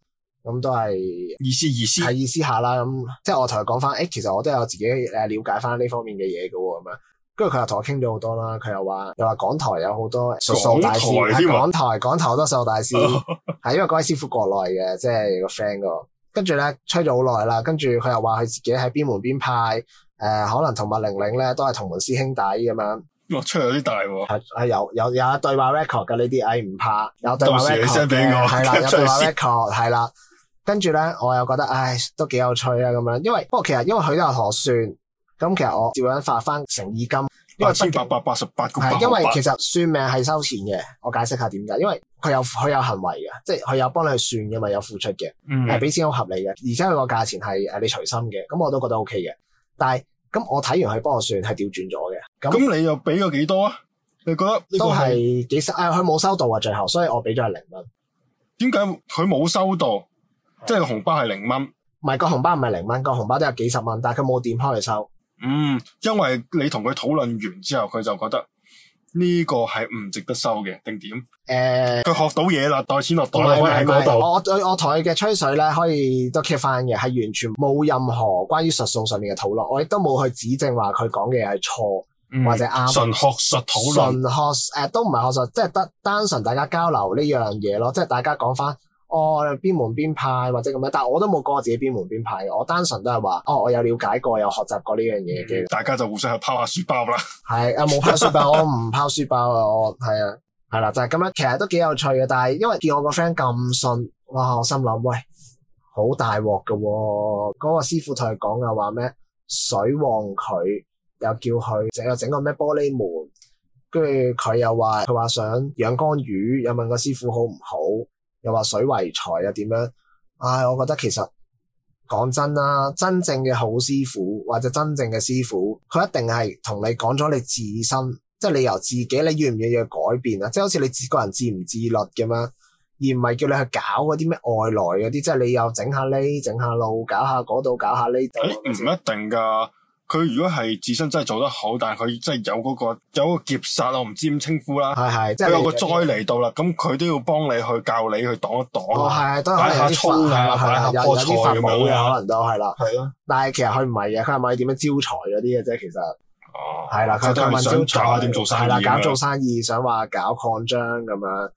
S2: 咁都係意思意思，係意，意思下啦。咁即係我同佢講翻，誒、欸，其實我都有自己誒了解翻呢方面嘅嘢㗎喎。咁樣，跟住佢又同我傾咗好多啦。佢又話，又話港台有好多術數大師台港台，港台好多術數大師，係 因為嗰位師傅國內嘅，即、就、係、是、個 friend 個。跟住咧，吹咗好耐啦，跟住佢又話佢自己喺邊門邊派，誒、呃、可能同麥玲玲咧都係同門師兄弟咁樣。出嚟有啲大喎，係有有有一對話 record 嘅呢啲，唉唔、哎、怕，有對話 record，係啦，有對話 record 係啦。 跟住咧，我又覺得唉、哎、都幾有趣啊咁樣，因為不過其實因為佢都有何算，咁其實我照樣發翻誠意金。八千八百八十八個係，因為其實算命係收錢嘅，我解釋下點解。因為佢有佢有行為嘅，即係佢有幫你去算嘅嘛，有付出嘅，係俾、嗯、錢好合理嘅。而且佢個價錢係誒你隨心嘅，咁我都覺得 OK 嘅。但係咁我睇完佢幫我算係調轉咗嘅。咁咁你又俾咗幾多啊？你覺得都係幾十？啊，佢冇收到啊，最後，所以我俾咗係零蚊。點解佢冇收到？即係個紅包係零蚊，唔係、個紅包唔係零蚊，個紅包都有幾十蚊，但係佢冇點開嚟收。嗯，因為你
S1: 同佢討論完之後，佢就覺得呢個係唔值得收嘅定點？
S2: 誒，佢、呃、學到
S1: 嘢啦，袋錢落袋喺度。我我我
S2: 同佢嘅吹水咧可以都 keep 翻嘅，係完全冇任何關於術數上面嘅討論，我亦都冇去指正話佢講嘅係錯或者啱。純學術討論，純學誒、呃、都唔係學術，即係得單純大家交流呢樣嘢咯，即係大家講翻。我邊、哦、門邊派或者咁樣，但係我都冇講我自己邊門邊派嘅，我單純都係話，哦，我有了解過，有學習過呢樣嘢嘅。大家就互相去拋下書包啦。係啊， 冇拋書包，我唔拋書包啊，我係啊，係啦，就係、是、咁樣，其實都幾有趣嘅。但係因為見我個 friend 咁信，哇，我心諗，喂，好大鑊㗎。嗰、那個師傅同佢講又話咩？水旺佢又叫佢整又整個咩玻璃門，跟住佢又話佢話想養缸魚，又問個師傅好唔好？又話水為財啊點樣？唉、哎，我覺得其實講真啦，真正嘅好師傅或者真正嘅師傅，佢一定係同你講咗你自身，即係你由自己你願唔願意去改變啊！即係好似你自個人自唔自律咁樣，而唔係叫你去搞嗰啲咩外來嗰啲，即係你又整下呢，整下路，搞下嗰度，搞下呢度、欸，唔一
S1: 定㗎。佢如果係自身真係做得好，但係佢真係有嗰、那個有個劫殺，我唔知點稱呼啦。係係，即係有個災嚟到啦，咁佢都要幫你去教你去擋一擋。哦，係係，都係有係有有法冇嘅可能都
S2: 係啦。係咯、啊，但係其實佢唔係嘅，佢係問你點樣招財嗰啲嘅啫。其實哦，係啦、啊，佢就問招財點做生意，啦、啊，搞做生意，想話搞擴張咁樣，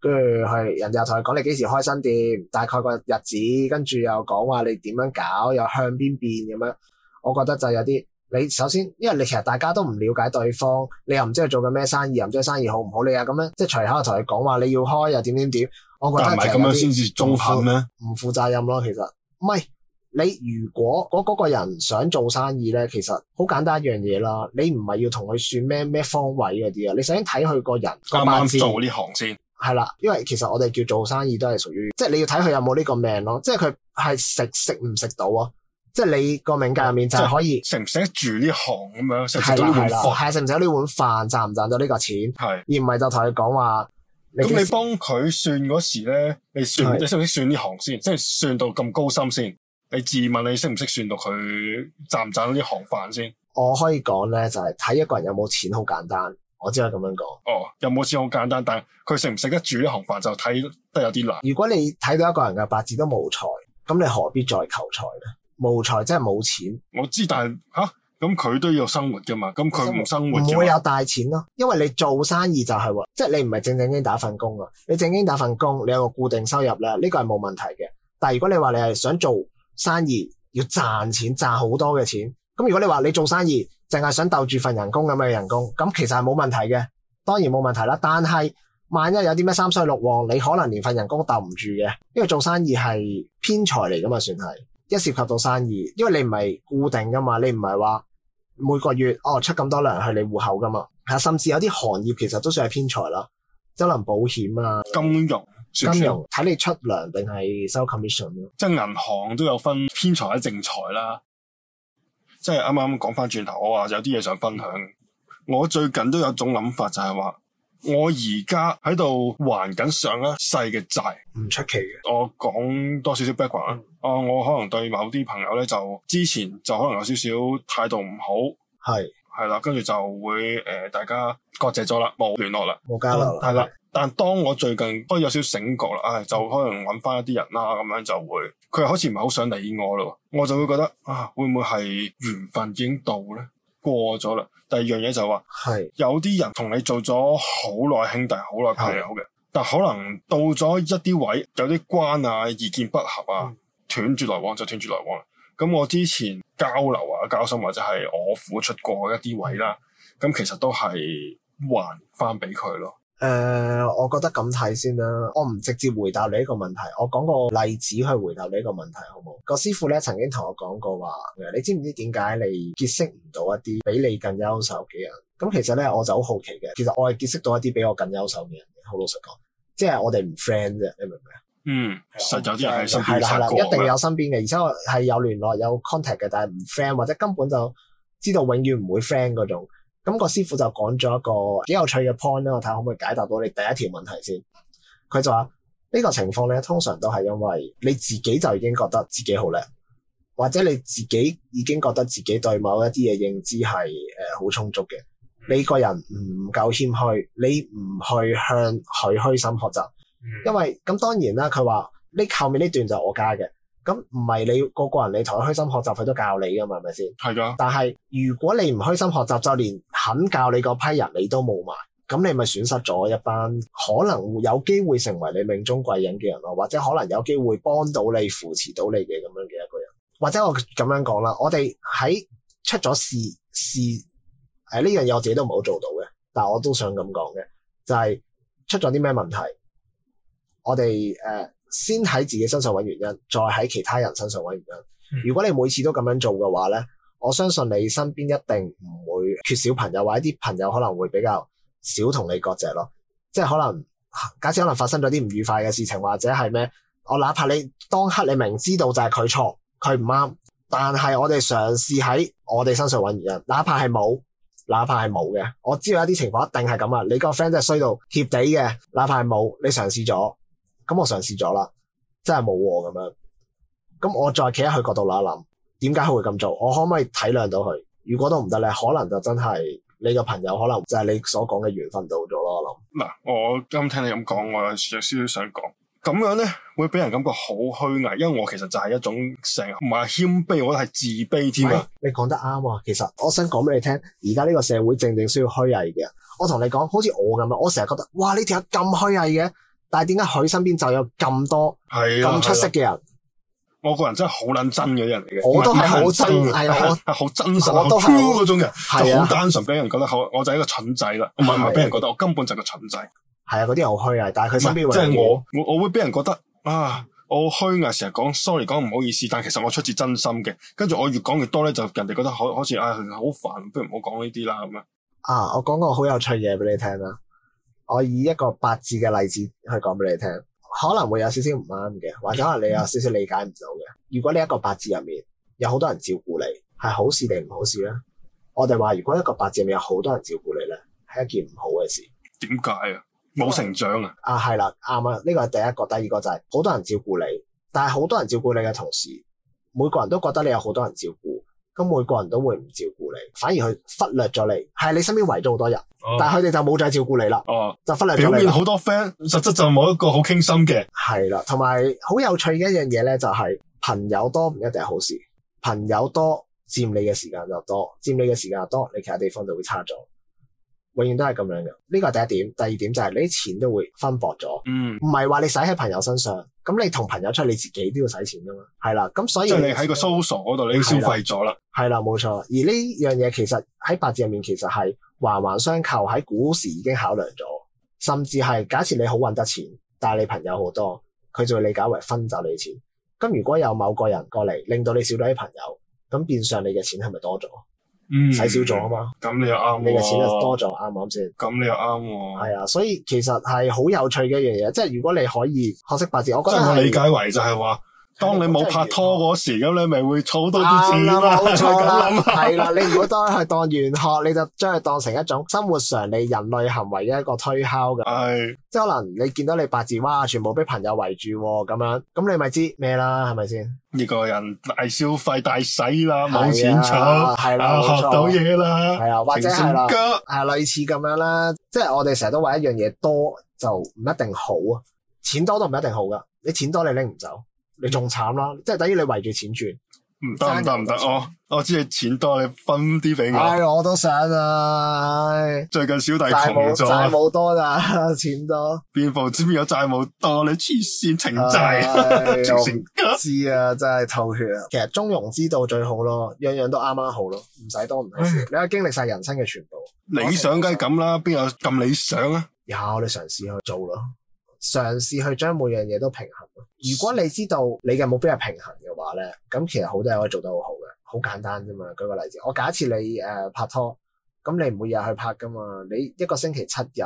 S2: 跟住係人哋又同佢講你幾時開新店，大概個日子，跟住又講話你點樣搞，又向邊變咁樣。我覺得就有啲，你首先，因為你其實大家都唔了解對方，你又唔知佢做緊咩生意，又唔知生意好唔好你啊，咁樣即係隨口同佢講話你要開又點點點，我覺得唔係咁樣先至中肯咩？唔負責任咯，其實唔係你如果嗰嗰個人想做生意咧，其實好簡單一樣嘢啦，你唔係要同佢算咩咩方位嗰啲啊，你首先睇佢個人個八字先做呢行先係啦，因為其實我哋叫做生意都係屬於，即係你要睇佢有冇呢個命咯，即係佢係食食唔食到啊。即係你個命格入面就係可
S1: 以食唔食得住呢行咁樣，食唔食到呢碗飯，係
S2: 食唔食呢碗飯，賺唔賺到呢個錢係的而唔係就同佢講話咁你，你幫
S1: 佢算嗰時咧，你算的你識
S2: 唔識算呢行先，即係算到咁高深先，
S1: 你自問你識唔識算到佢賺唔賺到呢行飯先？
S2: 我可以講咧就係睇一個人有冇錢好簡單，我只可以咁樣講。哦，有冇錢好簡單，但係佢食唔食得住呢行飯就睇得有啲難。如果你睇到一個人嘅八字都冇財，咁你何必再求財咧？無才真係冇錢，我知，但係吓咁佢都要生活噶嘛？咁佢冇生活唔會有大錢咯。因為你做生意就係、是、即係你唔係正正經經打份工啊。你正經打份工，你有個固定收入咧，呢、這個係冇問題嘅。但係如果你話你係想做生意要賺錢賺好多嘅錢，咁如果你話你做生意淨係想鬥住份人工咁嘅人工，咁其實係冇問題嘅，當然冇問題啦。但係萬一有啲咩三衰六旺，你可能連份人工鬥唔住嘅，因為做生意係偏財嚟噶嘛，算係。一涉及到生意，因為你唔係固定噶嘛，你唔係話每個月哦出咁多糧去你戶口噶嘛，係啊，甚至有啲行業其實都算係偏財啦，即係可能保險啊、金融、金融睇你出糧定係收 commission 咯，即係銀行都有
S1: 分偏財或正財啦，即係啱啱講翻轉頭，我話有啲嘢想分享，我最近都有種諗法就係話。我而家喺度還緊上一世嘅債，唔出奇嘅。我講多少少 background 啊，我可能對某啲朋友咧就之前就可能有少少態度唔好，係係啦，跟住就會誒、呃、大家割席咗啦，冇聯絡啦，
S2: 冇交流係啦。
S1: 但當我最近都有少少醒覺啦，唉、啊，就可能揾翻一啲人啦、啊，咁樣就會佢好似唔係好想理我咯，我就會覺得啊，會唔會係緣分已經到咧？過咗啦，第二樣嘢就話、是，是有啲人同你做咗好耐兄弟、好耐朋友嘅，的但可能到咗一啲位，有啲關啊、意見不合啊，斷絕、嗯、來往就斷絕來往啦。咁我之前交流啊、交心或者係我付出過一啲位啦，咁其實都係還翻俾佢咯。
S2: 誒，uh, 我覺得咁睇先啦。我唔直接回答你呢個問題，我講個例子去回答你呢個問題，好唔好？個師傅咧，曾經同我講過話，你知唔知點解你結識唔到一啲比你更優秀嘅人？咁其實咧我就好好奇嘅，其實我係結識到一啲比我更優秀嘅人嘅，好老實講，即係我哋唔 friend 啫，你明唔明啊？嗯，實有啲係身邊，係啦，係啦，一定有身邊嘅，而且係有聯絡有 contact 嘅，但係唔 friend 或者根本就知道永遠唔會 friend 嗰種。咁個師傅就講咗一個幾有趣嘅 point 咧，我睇下可唔可以解答到你第一條問題先。佢就話呢、這個情況咧，通常都係因為你自己就已經覺得自己好叻，或者你自己已經覺得自己對某一啲嘢認知係誒好充足嘅，你個人唔夠謙虛，你唔去向佢虛心學習。因為咁當然啦，佢話呢，後面呢段就係我加嘅。咁唔係你個個人，你同佢開心學習，佢都教你噶嘛，係咪先？係噶的。但係如果你唔開心學習，就連肯教你嗰批人，你都冇埋，咁你咪損失咗一班可能有機會成為你命中貴人嘅人咯，或者可能有機會幫到你扶持到你嘅咁樣嘅一個人。或者我咁樣講啦，我哋喺出咗事事，誒呢樣嘢我自己都唔好做到嘅，但係我都想咁講嘅，就係、是、出咗啲咩問題，我哋誒。呃先喺自己身上揾原因，再喺其他人身上揾原因。嗯、如果你每次都咁樣做嘅話咧，我相信你身邊一定唔會缺少朋友，或者啲朋友可能會比較少同你割席咯。即係可能，假設可能發生咗啲唔愉快嘅事情，或者係咩？我哪怕你當刻你明知道就係佢錯，佢唔啱，但係我哋嘗試喺我哋身上揾原因，哪怕係冇，哪怕係冇嘅，我知道一啲情況一定係咁啊。你個 friend 真係衰到貼地嘅，哪怕係冇，你嘗試咗。咁我嘗試咗啦，真係冇咁樣。咁我再企喺佢角度諗一諗，點解佢會咁做？我可唔可以體諒到佢？如果都唔得咧，可能就真係你個朋友，可能就係你所講嘅緣分到咗咯。我諗
S1: 嗱，我今聽你咁講，我有少少想講，咁樣咧會俾人感覺好虛偽，因為我其實就係一種成唔係謙卑，我係自卑添啊。
S2: 你講得啱啊，其實我想講俾你聽，而家呢個社會正正需要虛偽嘅。我同你講，好似我咁樣，我成日覺得，哇，呢條友咁虛偽嘅。但係點解佢身邊就有咁多咁出色嘅人？我個人真係好
S1: 捻真嗰啲人嚟嘅，我都係好真，係我好真實，我都係嗰種人，就好單純，俾人覺得好，我就係一個蠢仔啦。唔係唔係，俾人覺得我根本就係個蠢仔。係啊，嗰啲人好虛偽，但係佢身邊即係我，我我會俾人覺得啊，我虛偽，成日講 sorry，講唔好意思，但其實我出自真心嘅。跟住我越講越多咧，就人哋覺得好好似啊好煩，不如唔好講呢啲啦咁樣
S2: 啊。啊，我講個好有趣嘢俾你聽啦。我以一個八字嘅例子去講俾你聽，可能會有少少唔啱嘅，或者可能你有少少理解唔到嘅。如果你一個八字入面有好多人照顧你，係好事定唔好事咧？我哋話如果一個八字入面有好多人照顧你咧，係一件唔好嘅事。點解啊？冇成長啊？啊，係啦，啱啊。呢個係第一個，第二個就係好多人照顧你，但係好多人照顧你嘅同時，每個人都覺得你有好多人照顧。咁每個人都會唔照顧你，反而佢忽略咗你，係你身邊圍咗好多人，啊、但係佢哋就冇再照顧你啦，啊、就忽略咗。表面好多
S1: friend，實質就冇
S2: 一個好傾心嘅。係啦，同埋好有趣嘅一樣嘢咧，就係朋友多唔一定係好事，朋友多佔你嘅時間就多，佔你嘅時間多，你其他地方就會差咗，永遠都係咁樣嘅。呢個係第一點，第二點就係你啲錢都會分薄咗，唔係話你使喺朋友身上。咁你同朋友出去，你自己都要使錢噶嘛？係啦，咁所以你喺個搜索
S1: 嗰度，你已經消費咗啦。
S2: 係啦，冇錯。而呢樣嘢其實喺八字入面，其實係環環相扣，喺股市已經考量咗。甚至係假設你好搵得錢，但係你朋友好多，佢就會理解為分走你錢。咁如果有某個人過嚟令到你少咗啲朋友，咁變相你嘅錢係咪多咗？嗯，使少咗啊嘛，咁、嗯、你又啱，你嘅錢又多咗，啱唔啱先？咁吧你又啱喎，係啊，所以其實係好有趣嘅一樣嘢，即係如果你可以學識八字，我覺得。即係我理解為就係話。當你冇拍拖嗰時，咁你咪會儲多啲錢咯。冇錯，係啦。你如果當係當玄學，你就將佢當成一種生活常理、人類行為嘅一個推敲嘅。係，即係可能你見到你八字哇，全部俾朋友圍住咁樣，咁你咪知咩啦？係咪先？呢個人大消費大使啦，冇錢儲，係啦，學到嘢啦，係啊，或者係啦，類似咁樣啦。即係我哋成日都話一樣嘢，多就唔一定好啊。錢多都唔一定好噶，你錢多你拎唔走。你仲慘啦，即係等於你圍住錢轉，唔得唔得唔得哦？
S1: 我知你錢多，你分啲俾我。唉，
S2: 我都想啊！最近小弟窮咗，債務多咋，錢多。邊房邊有債務多，你黐線情債，成家支啊！真係吐血啊！其實中庸之道最好咯，樣樣都啱啱好咯，唔使多唔使少，你啊經歷晒人生嘅全部。理想梗係咁啦，邊有咁理想啊？有，你嘗試去做咯，嘗試去將每樣嘢都平衡。如果你知道你嘅目標係平衡嘅話咧，咁其實好多嘢可以做得好好嘅，好簡單啫嘛。舉、那個例子，我假設你誒、呃、拍拖，咁你唔會日日去拍噶嘛，你一個星期七日，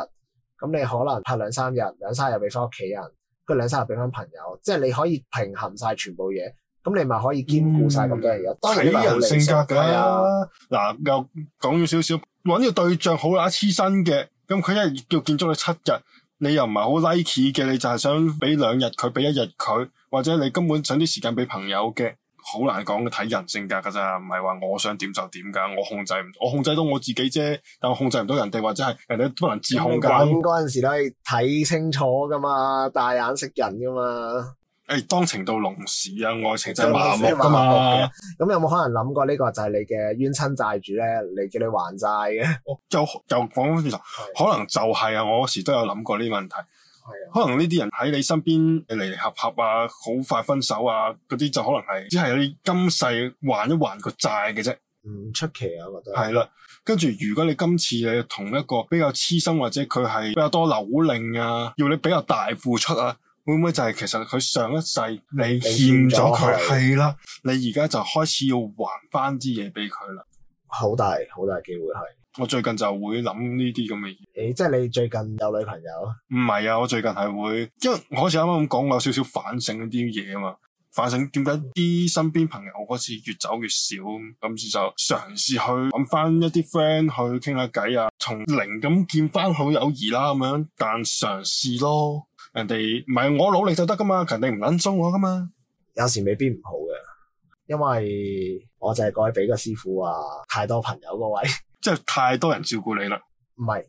S2: 咁你可能拍兩三日，兩三日俾翻屋企人，跟住兩三日俾翻朋友，即係你可以平衡晒全部嘢，咁你咪可以兼顧晒咁多嘢。睇、嗯、人性格㗎啦、啊，
S1: 嗱、啊、又講咗少少，揾個對象好乸黐身嘅，咁佢一係要見咗你七日。你又唔係好 like 嘅，你就係想俾兩日佢，俾一日佢，或者你根本想啲時間俾朋友嘅，好難講嘅，睇人性格噶咋，唔係話我想點就點噶，我控制唔，我控制到我自己啫，但我
S2: 控制唔到人哋，或
S1: 者係人哋都不能自控噶。
S2: 嗰陣、嗯、時都係睇清楚噶嘛，大眼識人噶嘛。誒、哎，當情到濃時啊，愛情就麻木噶嘛。咁 有冇可能諗過呢個就係你嘅冤親債主咧？嚟叫你還債嘅？就就講翻轉頭，可能就係啊！我嗰時都有諗過呢啲問題。係啊的。可能
S1: 呢啲人喺你身邊嚟嚟合合啊，好快分手啊，嗰啲就可能係只係你今世還一還個債嘅啫。
S2: 唔、嗯、出奇啊，我覺得。係啦，
S1: 跟住如果你今次你同一個比較痴心或者佢係比較多扭令啊，要你比較大付出啊。會唔會就係其實佢上一世你欠咗佢，係啦，你而家就開始要還翻啲嘢俾佢啦，好大好大機會係。我最近就會諗呢啲咁嘅嘢。
S2: 誒、欸，即係你最近有女朋友？
S1: 唔係啊，我最近係會，因為我好似啱啱咁講，我有少少反省一啲嘢啊嘛。反省點解啲身邊朋友嗰次越走越少，咁於是就嘗試去搵翻一啲 friend 去傾下偈啊，從零咁建翻好友誼啦咁樣，但嘗試咯。人哋唔係我努力就得噶嘛，肯定唔肯中我噶嘛。有時未必唔好嘅，
S2: 因為我就係改位俾個師傅話太多朋友嗰位，即係太多人照顧你啦。唔係，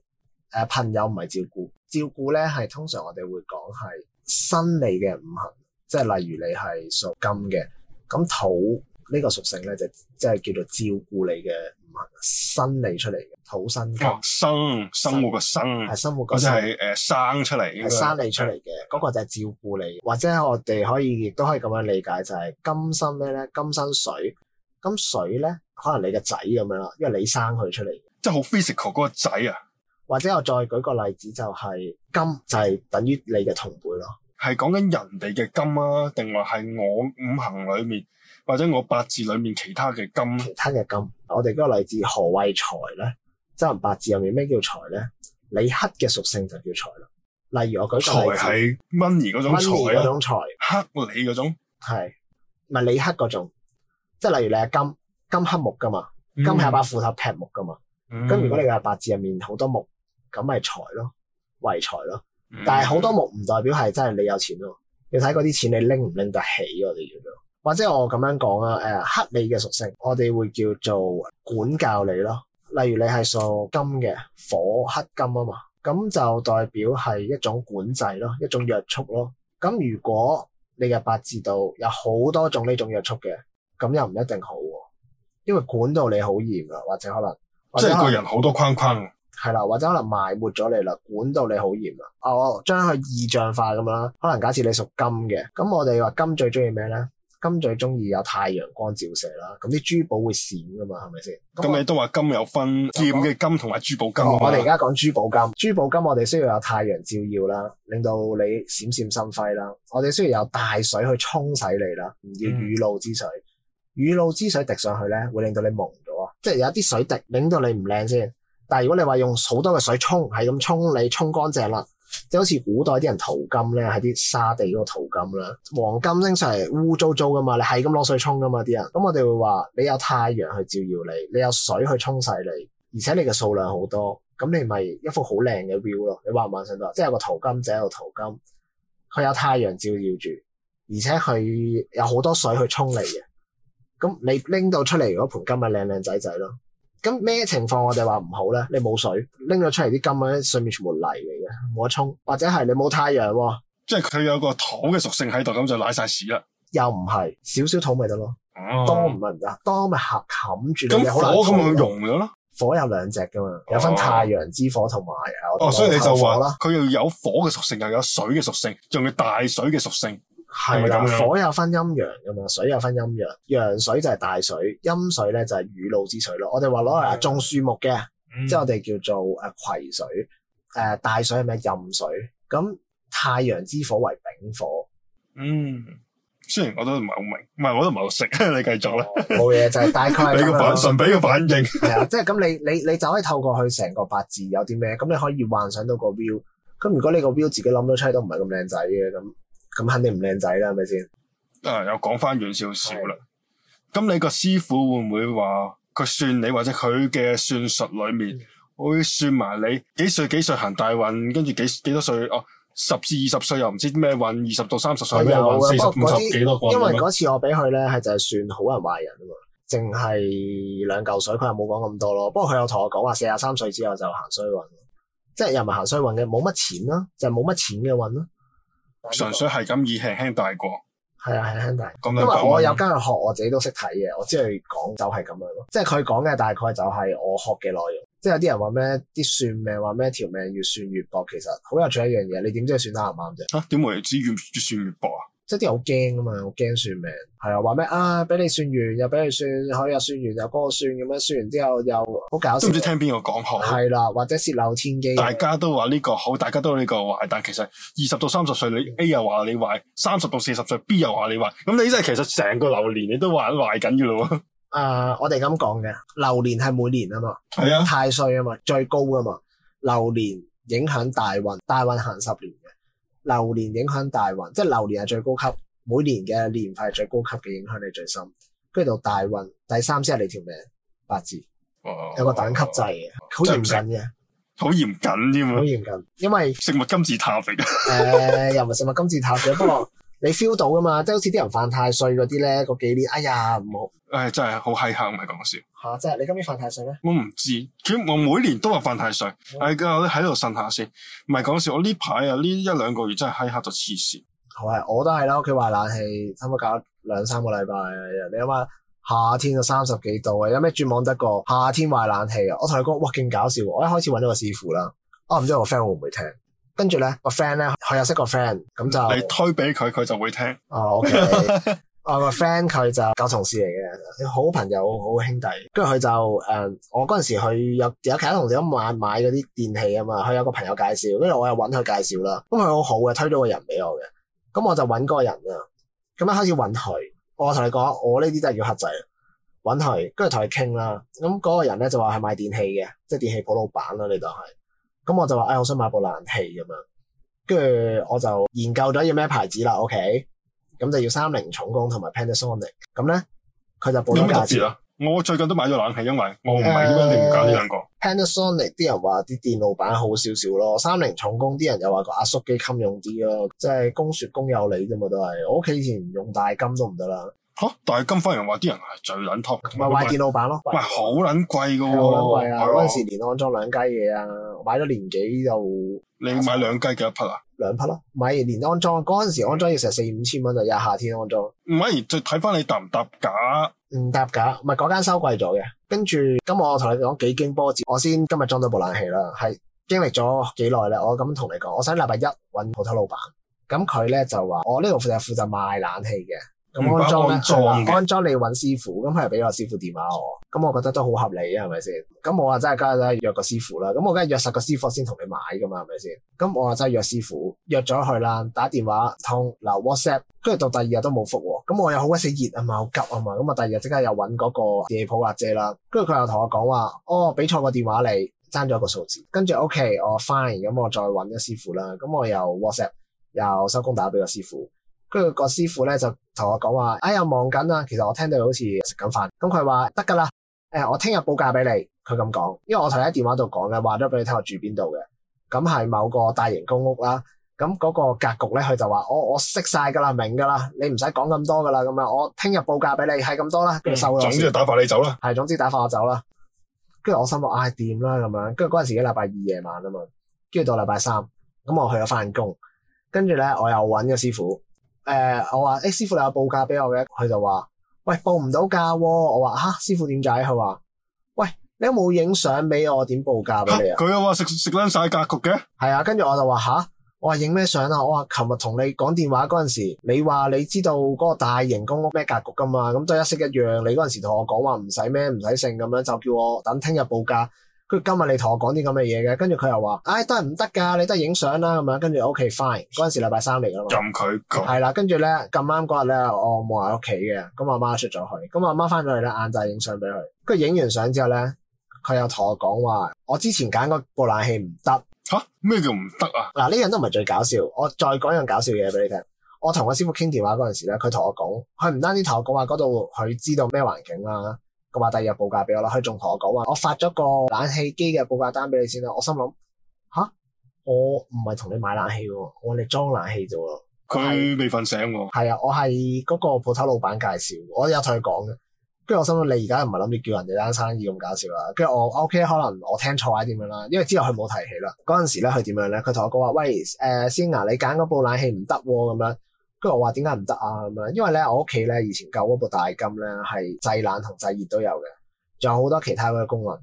S2: 誒，朋友唔係照顧，照顧咧係通常我哋會講係生理嘅五行，即係例如你係屬金嘅，咁土。呢個屬性咧，就即係叫做照顧你嘅五行生你出嚟嘅土生金，生
S1: 生活嘅生係生活嘅生，我就係誒生出嚟，係生你出嚟嘅
S2: 嗰個就係照顧你，或者我哋可以亦都可以咁樣理解，就係金生咩咧？金生水，咁水咧，可能你個仔咁樣啦，因為你生佢出嚟，嘅，即係好 physical 嗰個仔啊。或者我再舉個例子，就係，就係金就係等於你嘅
S1: 同輩咯，係講緊人哋嘅金啊，定話係我五行裡面。或者
S2: 我八字裏面其他嘅金，其他嘅金，我哋嗰個例子何謂財咧？真係八字入面咩叫財咧？你克嘅屬性就叫財啦。例如我舉個例子，財係 money 嗰種財，嗰種財克你嗰種係，咪係你克嗰種，即係例如你係金，金克木噶嘛，嗯、金係把斧頭劈木噶嘛。咁、嗯、如果你嘅八字入面好多木，咁咪財咯，為財咯。嗯、但係好多木唔代表係真係你有錢咯，要睇嗰啲錢你拎唔拎得起嗰啲嘢咯。或者我咁樣講啊，誒、呃，克你嘅屬性，我哋會叫做管教你咯。例如你係屬金嘅，火克金啊嘛，咁就代表係一種管制咯，一種約束咯。咁如果你嘅八字度有好多種呢種約束嘅，咁又唔一定好，啊，因為管到你好嚴啊，或者可能即係個人好多框框。係啦，或者可能埋沒咗你啦，管到你好嚴啊。哦，我將佢意象化咁啦，可能假設你屬金嘅，咁我哋話金最中意咩咧？金最中意有太陽光照射啦，咁啲珠寶會閃㗎嘛，係咪先？
S1: 咁你都話金有分鑲嘅說金同埋珠、嗯、珠、珠寶金，我哋而家
S2: 講珠寶金，珠寶金我哋需要有太陽照耀啦，令到你閃閃生輝啦。我哋需要有大水去沖洗你啦，唔要雨露之水。嗯、雨露之水滴上去咧，會令到你濛咗啊，即係有一啲水滴，令到你唔靚先。但係如果你話用好多嘅水沖，係咁沖你，你沖乾淨啦。即好似古代啲人淘金咧，喺啲沙地嗰度淘金啦。黃金拎上嚟污糟糟噶嘛，你係咁攞水沖噶嘛啲人。咁我哋會話你有太陽去照耀你，你有水去沖洗你，而且你嘅數量好多，咁你咪一幅好靚嘅 view 咯。你幻唔幻想到即係有個淘金者喺度淘金，佢有太陽照耀住，而且佢有好多水去沖你嘅。咁你拎到出嚟嗰盤金咪靚靚仔仔咯。咁咩情況我哋話唔好咧？你冇水拎咗出嚟啲金咧，上面全部泥嚟嘅，冇得沖。或者係你冇太陽、啊，即係佢有個土嘅屬性喺度，咁就瀨晒屎啦。又唔係少少土咪得咯，多唔係唔得，多咪合冚住。咁火咁樣融咗咯，火有兩隻噶嘛，
S1: 有分太陽之火同埋哦,哦，所以你就話啦，佢要有火嘅屬性又有水嘅屬性，仲要大水嘅屬性。係，火
S2: 有分陰陽噶嘛，水有分陰陽，陽水就係大水，陰水咧就係雨露之水咯。我哋話攞嚟種樹木嘅，嗯、即係我哋叫做誒癸水，誒、呃、大水係咩？壬水。咁太陽之火為丙火。嗯，雖然我都唔係好明，唔係我都唔係好識， 你
S1: 繼續啦。冇嘢，就係、是、大概。你個反順俾個反應。
S2: 係啊，即係咁，你你你就可以透過佢成個八字有啲咩，咁你可以幻想到個 view。咁如果你個 view 自己諗到出嚟都唔係咁靚仔嘅咁。咁肯定唔靚仔啦，係咪先？
S1: 誒、啊，又講翻遠少少啦。咁的你個師傅會唔會話佢算你，或者佢嘅算術裏面、嗯、會算埋你幾歲幾歲行大運，跟住幾幾多歲哦，十至二十歲又唔知咩運，二十到三十歲又咩運，四十五十幾多個。因為嗰
S2: 次我俾佢咧係就係算好人壞人啊嘛，淨係兩嚿水佢又冇講咁多咯。不過佢又同我講話四十三歲之後就行衰運，即、就、係、是、又唔係行衰運嘅，冇乜錢啦，就係冇乜錢嘅運咯。
S1: 純粹係咁以輕輕帶過，
S2: 係啊，輕輕帶。咁因為我有間學，我自己都識睇嘅，我知佢講就係咁樣咯。即係佢講嘅大概就係我學嘅內容。即係有啲人話咩啲算命話咩條命越算越薄，其實好有趣一樣嘢。你點知佢算得啱唔啱啫？啊，
S1: 點會知越，越算越
S2: 薄搏？即係啲好驚啊嘛，好驚算命，係啊，話咩啊？俾你算完又俾你算，又算完又幫我算，咁樣算完之後又好搞笑。唔知聽邊個講好。係啦，或者泄漏天機。大
S1: 家都話呢個好，大家都話呢個壞，但係其實二十到三十歲你 A 又話你壞，三十到四十歲 B 又話你壞，咁你真係其實成個流年你都壞壞緊噶啦
S2: 喎。我哋咁講嘅流年係每年啊嘛，係啊的，太歲啊嘛，最高啊嘛，流年影響大運，大運行十年。流年影響大運，即係流年係最高級，每年嘅年份係最高級嘅影響你最深，跟住到大運第三先係你條命八字，哇有個等級制嘅，好嚴謹嘅，
S1: 好嚴謹添喎，好嚴謹，因為食物金字塔嚟嘅，
S2: 又唔係食物金字塔嘅噃。 不過你 feel 到㗎嘛？即係好似啲人犯太歲嗰啲咧，嗰幾年，哎呀，唔
S1: 好，誒、哎，真係好閪黑，唔係講笑
S2: 吓，真係你今年犯太歲咩？
S1: 我唔知，其實我每年都話犯太歲，哎、嗯，咁、啊、我喺度呻下先，唔係講笑，我呢排啊呢一兩個月真係閪黑到
S2: 黐線，係，我都係啦，屋企壞冷氣差唔多搞兩三個禮拜，你諗下夏天就三十幾度啊，有咩轉網得過？夏天壞冷氣啊，我同你講，哇，勁搞笑，我一開始搵咗個師傅啦，啊、我唔知我 friend 會唔會聽？跟住咧，個 friend 咧，佢又識個 friend，咁就你
S1: 推俾佢，佢就會聽。哦、oh，OK，
S2: 我個 friend 佢就舊同事嚟嘅， 好朋友、好兄弟。跟住佢就誒、嗯，我嗰陣時有有其他同事咁買買嗰啲電器啊嘛，佢有個朋友介紹，跟住我又揾佢介紹啦。咁佢好好嘅，推咗個人俾我嘅。咁我就揾嗰個人啊，咁一開始揾佢，我同你講，我呢啲真係要黑仔，揾佢，跟住同佢傾啦。咁嗰個人咧就話係賣電器嘅，即係電器鋪老闆啦，你當、就、係、是。咁我就話，哎，我想買部冷氣咁樣，跟住我就研究咗要咩牌子啦，OK？咁就要三菱重工同埋 Panasonic。咁咧，佢就報咗價、啊、
S1: 我最近都買咗冷氣，因為我唔係點解你唔揀呢兩個、呃、
S2: ？Panasonic 啲人話啲電路板好少少咯，三菱重工啲人又話個壓縮機襟用啲咯，即、就、係、是、公説公有理啫嘛，都係。我屋企以前用大金都唔得啦。吓、啊！但係金輝人話啲人係最撚偷，咪買電腦版咯？咪喂喂好撚貴噶喎！嗰陣時連安裝兩雞嘢啊，買咗年幾就你買兩雞幾多匹啊？兩匹咯、啊，買完連安裝嗰陣時安裝要成四五千蚊就廿夏天安裝，唔係，再睇翻你搭唔搭架？唔搭、嗯、架，唔係嗰間收貴咗嘅。跟住，今我同你講幾經波折，我先今日裝到部冷氣啦。係經歷咗幾耐啦，我咁同你講，我想禮拜一搵普通老闆，咁佢咧就話我呢度就負責賣冷氣嘅。咁、嗯、安裝，嗯嗯、安裝你揾師傅，咁佢又俾個師傅電話我，咁我覺得都好合理啊，係咪先？咁我啊真係今日咧約個師傅啦，咁我梗係約實個師傅先同你買㗎嘛，係咪先？咁我啊真係約師傅，約咗去啦，打電話通嗱 WhatsApp，跟住到第二日都冇覆喎，咁我又好鬼死熱啊嘛，好急啊嘛，咁我第二日即刻又揾嗰個夜鋪阿姐啦，跟住佢又同我講話，哦，俾錯個電話你，爭咗個數字，跟住 OK 我 fine，咁我再揾個師傅啦，咁我又 WhatsApp 又收工打俾個師傅。跟住個師傅咧就同我講話，哎呀忙緊啊！其實我聽到好似食緊飯。咁佢話得噶啦，誒我聽日報價俾你。佢咁講，因為我頭先喺電話度講嘅話咗俾你聽我住邊度嘅。咁係某個大型公屋啦。咁嗰個格局咧，佢就話我我識晒噶啦，明噶啦，你唔使講咁多噶啦。咁樣，我聽日報價俾你係咁多啦，跟住收啦。總之、嗯、就打發你走啦。係，總之打發我走啦。跟住我心話，唉、哎，掂啦咁樣。跟住嗰陣時係禮拜二夜晚啊嘛，跟住到禮拜三，咁我去咗翻工，跟住咧我又揾個師傅。誒、呃，我話誒、欸，師傅你有報價俾我嘅，佢就話喂，報唔到價、啊，我話吓，師傅點解？佢話喂，你有冇影相俾我點報價俾你啊？佢又話食食晒格局嘅。係啊，跟住我就話吓，我話影咩相啊？我話琴日同你講電話嗰陣時，你話你知道嗰個大型公屋咩格局噶嘛？咁都一式一樣，你嗰陣時同我講話唔使咩，唔使剩咁樣，就叫我等聽日報價。佢今日你同我講啲咁嘅嘢嘅，跟住佢又話，唉得唔得噶？你得影相啦，咁樣，跟住 O K fine。嗰陣時禮拜三嚟噶嘛？咁佢個係啦，跟住咧，咁啱嗰日咧，我冇喺屋企嘅，咁阿媽出咗去，咁阿媽翻咗嚟咧，晏晝影相俾佢。跟住影完相之後咧，佢又同我講話，我之前揀個部冷氣唔得。吓，咩叫唔得啊？嗱呢樣都唔係最搞笑，我再講一樣搞笑嘢俾你聽。我同我師傅傾電話嗰陣時咧，佢同我講，佢唔單止同我講話嗰度，佢知道咩環境啦、啊。咁話，第二日報價俾我啦，佢仲同我講話，我發咗個冷氣機嘅報價單俾你先啦。我心諗吓？我唔係同你買冷氣喎，我嚟裝冷氣啫喎。佢未瞓醒喎、啊。係啊，我係嗰個鋪頭老闆介紹，我有同佢講嘅。跟住我心諗，你而家唔係諗住叫人哋單生意咁搞笑啦。跟住我 OK，可能我聽錯或者點樣啦，因為之後佢冇提起啦。嗰陣時咧，佢點樣咧？佢同我講話，喂，誒、呃，先嗱，你揀嗰部冷氣唔得喎，咁樣。跟住我話點解唔得啊，咁樣，因為咧我屋企咧以前舊嗰部大金咧係製冷同製熱都有嘅，仲有好多其他嘅功能嘅，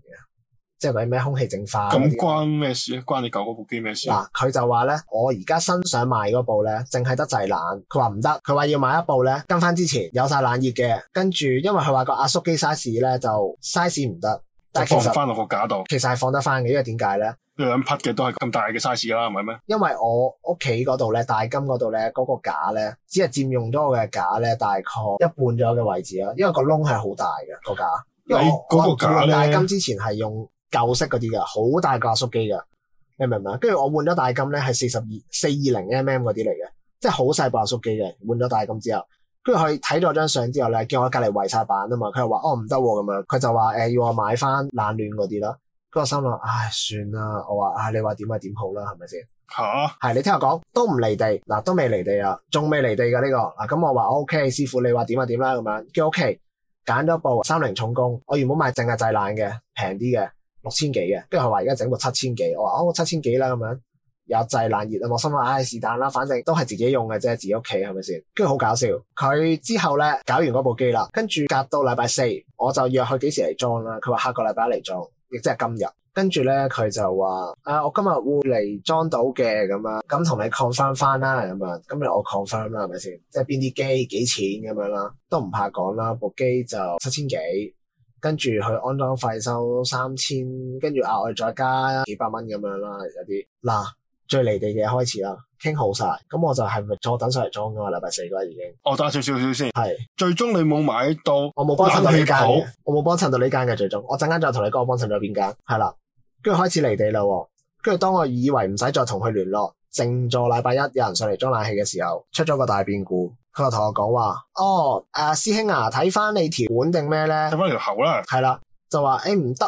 S2: 即係佢咩空氣淨化。咁
S1: 關咩事啊？關你舊嗰部機咩事嗱，
S2: 佢就話咧，我而家新想買嗰部咧，淨係得製冷，佢話唔得，佢話要買一部咧跟翻之前有晒冷熱嘅，跟住因為佢話個壓縮機 size 咧就 size 唔得，但係放翻落個架度，其實係放得翻嘅，因為點解咧？
S1: 兩匹嘅都係咁大嘅 size 噶啦，係咪咩？
S2: 因為我屋企嗰度咧，大金嗰度咧，嗰個架咧，只係佔用咗我嘅架咧，大概一半左右嘅位置啊。因為個窿係好大嘅個架，因為個架大金之前係用舊式嗰啲噶，好大架壓縮機噶，你明唔明？跟住我換咗大金咧，係四十二四二零 mm 嗰啲嚟嘅，即係好細壓縮機嘅。換咗大金之後，跟住佢睇咗張相之後咧，叫我隔籬圍沙板、哦、啊嘛，佢又話哦唔得咁樣，佢就話誒要我買翻冷暖嗰啲啦。個心諗，唉，算啦。我話啊，你話點就點好啦，係咪先吓？係、啊、你聽我講都唔離地嗱，都未離地，未離地、這個、啊，仲未離地噶呢個嗱。咁我話 O K，師傅你話點就點啦，咁樣叫 O K 揀咗部三菱重工。我原本買淨係製冷嘅，平啲嘅六千幾嘅。跟住佢話而家整到七千幾，我話哦七千幾啦，咁樣有製冷熱啊。我心諗唉，是但啦，反正都係自己用嘅啫，自己屋企係咪先？跟住好搞笑，佢之後咧搞完嗰部機啦，跟住隔到禮拜四，我就約佢幾時嚟裝啦。佢話下個禮拜一嚟裝。亦即係今日，跟住咧佢就話，誒、啊、我今日會嚟裝到嘅咁樣，咁同你 confirm 翻啦咁樣，今日我 confirm 啦係咪先？即係邊啲機幾錢咁樣啦，都唔怕講啦，部機就七千幾，跟住去安裝費收三千、啊，跟住額外再加幾百蚊咁樣啦，有啲嗱。最離地嘅開始啦，傾好晒，咁我就係咪坐等上嚟裝噶嘛？禮拜四啦已經，
S1: 我等少少少先。係，最終你冇買到，我，我冇幫襯到呢間，
S2: 我冇幫襯到呢間嘅最終。我陣間再同你講，幫襯咗邊間？係啦，跟住開始離地啦。跟住當我以為唔使再同佢聯絡，靜坐禮拜一有人上嚟裝冷氣嘅時候，出咗個大變故，佢就同我講話，哦，誒、啊，師兄啊，睇翻你條管定咩咧？睇翻條喉啦，係啦。就話誒唔得，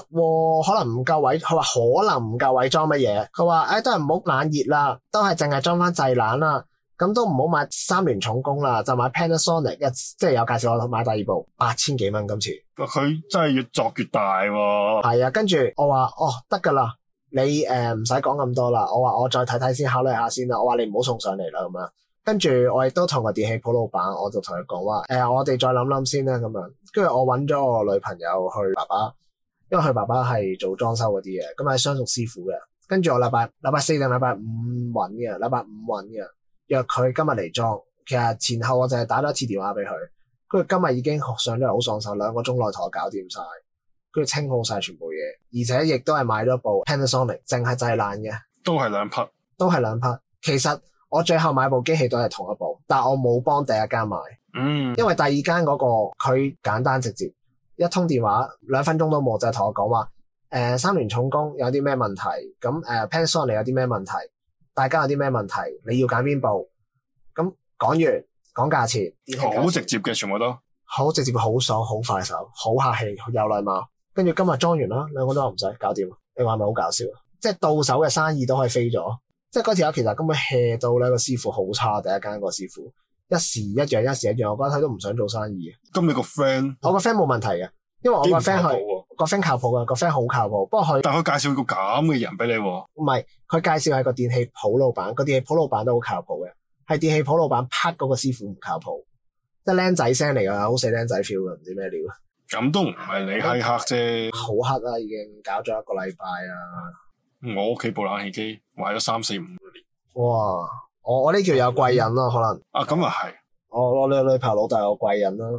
S2: 可能唔夠位，佢話可能唔夠位裝乜嘢。佢話誒都係唔好冷熱啦，都係淨係裝翻製冷啦。咁都唔好買三聯重工啦，就買 Panasonic 一，即係有介紹我買第二部，八千幾蚊。今次
S1: 佢真係越作越大喎。
S2: 係啊，跟住我話哦得噶啦，你誒唔使講咁多啦。我話我再睇睇先，考慮下先啦。我話你唔好送上嚟啦咁樣。跟住我亦都同個電器鋪老闆，我就同佢講話：，誒、哎，我哋再諗諗先啦，咁樣。跟住我揾咗我女朋友去爸爸，因為佢爸爸係做裝修嗰啲嘅，咁係相熟師傅嘅。跟住我禮拜禮拜四定禮拜五揾嘅，禮拜五揾嘅，約佢今日嚟裝。其實前後我就係打咗一次電話俾佢，跟住今日已經上咗嚟。好爽手，兩個鐘內同我搞掂晒，跟住清好晒全部嘢，而且亦都係買咗部 Panasonic，淨係制爛嘅，都係兩匹，都係兩匹，其實。我最後買部機器都係同一部，但我冇幫第一間買，嗯，因為第二間嗰、那個佢簡單直接，一通電話兩分鐘都冇就係、是、同我講話，誒、呃、三聯重工有啲咩問題，咁誒 Panasonic 有啲咩問題，大家有啲咩問題，你要揀邊部，咁講完講價錢，好、哦、直接嘅全部都，好直接好爽好快手，好客氣有禮貌，跟住今日裝完啦，兩個鐘唔使搞掂，你話係咪好搞笑？即係到手嘅生意都可以飛咗。即係嗰條友其實根本 hea 到咧，個師傅好差。第一間個師傅一時一樣，一時一樣，我覺得佢都唔想做生意。咁你個 friend，我個 friend 冇問題嘅，因為我個 friend 佢個 friend 靠譜㗎，個 friend 好靠譜。不過佢但佢介紹一個咁嘅人俾你喎，唔係佢介紹，係個電器鋪老闆，個電器鋪老闆都好靠譜嘅，係電器鋪老闆 cut 嗰個師傅唔靠譜，即係僆仔聲嚟㗎，好死僆仔 feel 㗎，唔知咩料。咁都唔係你太黑啫，好黑啊，已經搞咗一個禮拜啦。嗯
S1: 我屋企部冷氣機壞咗三四五年。
S2: 哇！我我呢叫有貴人咯、啊，可能。
S1: 啊，咁啊係。我
S2: 朋友我兩女排老豆有貴人咯、啊。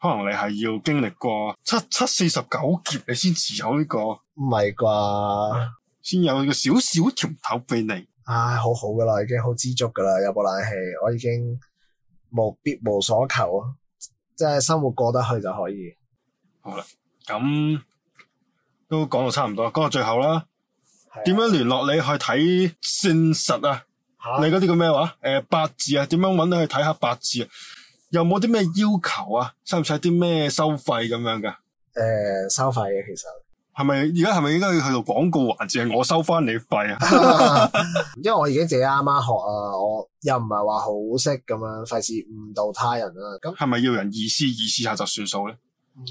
S2: 可能你係要經
S1: 歷過七七四十九劫，你先持有呢、這個。唔係啩？先有個少少甜頭俾你。
S2: 唉、哎，好好噶啦，已經好知足噶啦，有部冷氣，我已經無必無所求，即係生活過得去就可以。
S1: 好啦，咁都講到差唔多，講到最後啦。點樣聯絡你去睇現實啊？你嗰啲叫咩話？誒、呃，八字，看看八字、呃、啊？點樣搵你去睇下八字啊？有冇啲咩要求啊？使唔使啲咩收費咁樣噶？
S2: 誒，收費嘅其實
S1: 係咪而家係咪應該要去到廣告環節？我收翻你費 啊？
S2: 因為我已經自己啱啱學啊，我又唔係話好識咁樣，費事誤導他人啊。
S1: 咁係咪要人意思意思下就算數咧？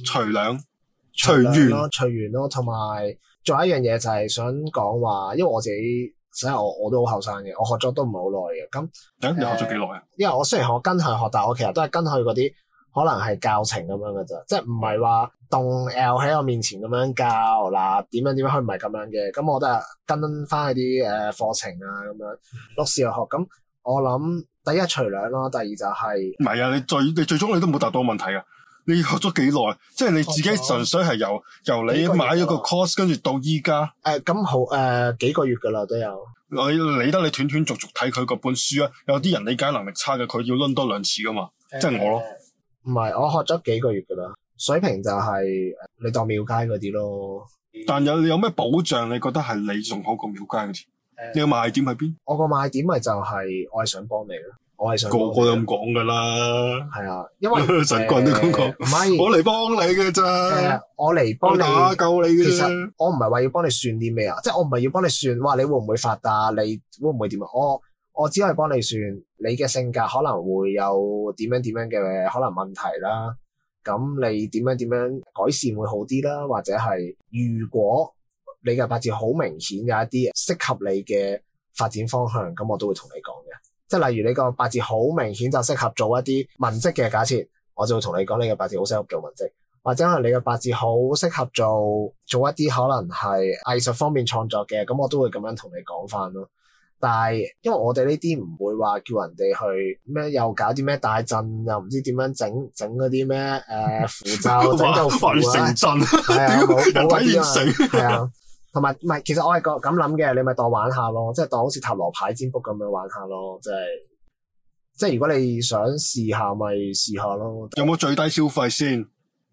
S1: 隨兩隨緣咯，
S2: 隨緣咯，同埋。仲有一樣嘢就係想講話，因為我自己，真係我我都好後生嘅，我學咗都唔係好耐嘅。咁，誒、啊，你學咗幾耐啊？因為我雖然跟我跟佢學，但我其實都係跟佢嗰啲可能係教程咁樣嘅咋，即係唔係話動 L 喺我面前咁樣教嗱點樣點樣去，佢唔係咁樣嘅。咁我都係跟翻啲誒課程啊咁樣，落試去學。咁我諗第一除兩咯，第二就係
S1: 唔係啊？你最你最終你都冇答到問題啊？你學咗幾耐？即係你自己純粹係由由你買咗個 course，跟住到依家。誒、呃，咁好誒、
S2: 呃，幾個月噶啦都有。
S1: 你理得你斷斷續續睇佢嗰本書啊？有啲人理解能力差嘅，佢要輪多兩次噶嘛？呃、即係我咯。
S2: 唔係，我學咗幾個月噶啦。水平就係你當廟街嗰啲咯。但有你有咩保障？你覺得係你
S1: 仲好過廟街嗰啲？呃、你個賣點喺邊？我個賣點咪就係我係想幫你咯。我係
S2: 想個個都咁講㗎啦，係啊，因為成個人都咁講，唔係、 呃、 我嚟幫你嘅啫、呃。我嚟幫你救你嘅。其實我唔係話要幫你算啲咩啊，即係我唔係要幫你算哇，你會唔會發達？你會唔會點啊？我我只係幫你算你嘅性格可能會有點樣點樣嘅可能問題啦。咁你點樣點樣改善會好啲啦，或者係如果你嘅八字好明顯有一啲適合你嘅發展方向，咁我都會同你講嘅。即係例如你個八字好明顯就適合做一啲文職嘅假設，我就會同你講你嘅八字好適合做文職，或者可能你嘅八字好適合做做一啲可能係藝術方面創作嘅，咁我都會咁樣同你講翻咯。但係因為我哋呢啲唔會話叫人哋去咩又搞啲咩大陣，又唔知點樣、呃、整整嗰啲咩誒符咒整到就完成陣，係啊，好鬼現成啊。同埋唔係，其實我係個咁諗嘅，你咪當玩下咯，即係當好似塔羅牌占卜咁樣玩下咯，即係即係如果你想試下咪試下咯。有冇最低消費先？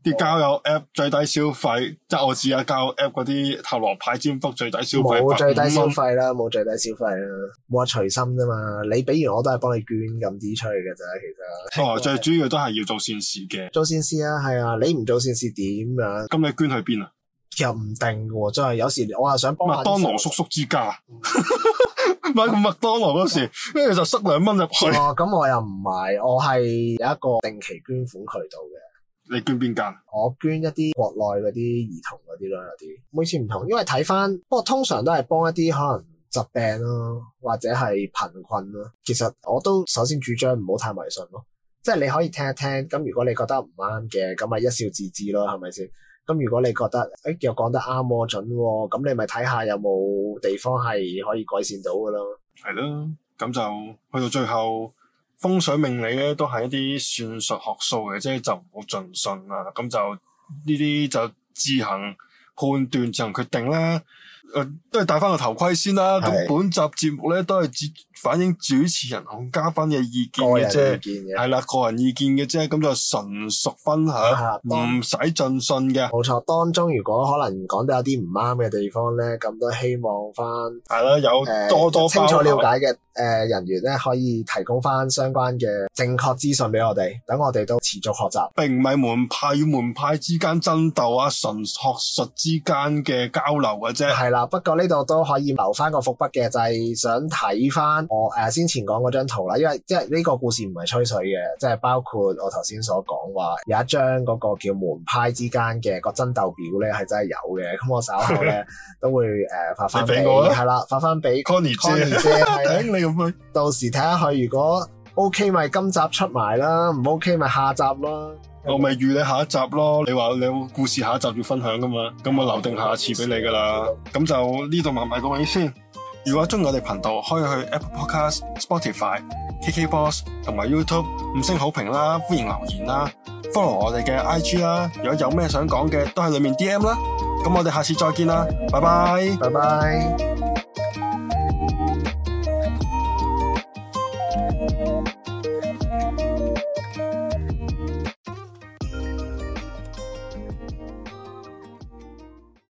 S2: 啲、哦、交
S1: 友 App 最低消費，哦、即係我試下交友 App 嗰啲塔羅牌占卜最低消費。冇最低消費
S2: 啦，冇、嗯、最低消費啦，冇話、啊、隨心啫嘛。你比如我都係幫你捐咁啲出去嘅啫，其實。不、哦、最主要都係要做善事嘅。做善事啊，係啊，啊，你唔做善事點樣、啊？咁你捐去邊啊？又唔定嘅喎，真係有時我係想幫一一麥當勞叔叔之家，嗯、 買個麥當勞嗰時，跟住 就塞兩蚊入去。咁、哦、我又唔係，我係有一個定期捐款渠道嘅。你捐邊間？我捐一啲國內嗰啲兒童嗰啲咯，有啲每次唔同，因為睇翻，不過通常都係幫一啲可能疾病咯、啊，或者係貧困咯、啊。其實我都首先主張唔好太迷信咯、啊。即係你可以聽一聽，咁如果你覺得唔啱嘅，咁咪一笑置之咯，係咪先？咁如果你覺得，哎、欸，又講得啱喎，準喎，咁你咪睇下有冇地方係可以改善到嘅咯。
S1: 係咯，咁就去到最後風水命理咧，都係一啲算術學數嘅，即係就唔好盡信啦。咁就呢啲就自行判斷、自行決定啦。誒，都係戴翻個頭盔先啦。咁係，本集節目咧，都係主反映主持人同嘉賓嘅意見嘅啫，係
S2: 啦，個人意見嘅啫。咁就純屬分享，唔使盡信嘅。冇錯，當中如果可能講得有啲唔啱嘅地方咧，咁都希望翻係啦，有多多、呃、清楚了解嘅誒人員咧，可以提供翻相關嘅正確資訊俾我哋，等我哋都持續學習，並唔係門派與門派之間爭鬥啊，純學術之間嘅交流嘅啫，係啦。不過呢度都可以留翻個伏筆嘅，就係想睇翻我誒先前講嗰張圖啦，因為即係呢個故事唔係吹水嘅，即係包括我頭先所講話有一張嗰個叫門派之間嘅個爭鬥表咧，係真係有嘅。咁我稍後咧 都會誒發翻俾係啦，發翻俾 Connie 姐。頂你咁樣！到時睇下佢，如果 OK 咪今集出埋啦，唔 OK 咪下集咯。我咪預你下一集咯，你話
S1: 你有故事下一集要分享噶嘛，咁我留定下一次俾你噶啦，咁就呢度慢埋講你先。如果中意我哋頻道，可以去 Apple Podcast、Spotify、KKbox 同埋 YouTube 五星好評啦，歡迎留言啦，follow 我哋嘅 IG 啦。如果有咩想講嘅，都係裏面 DM 啦。咁我哋下次再見啦，拜拜，拜拜。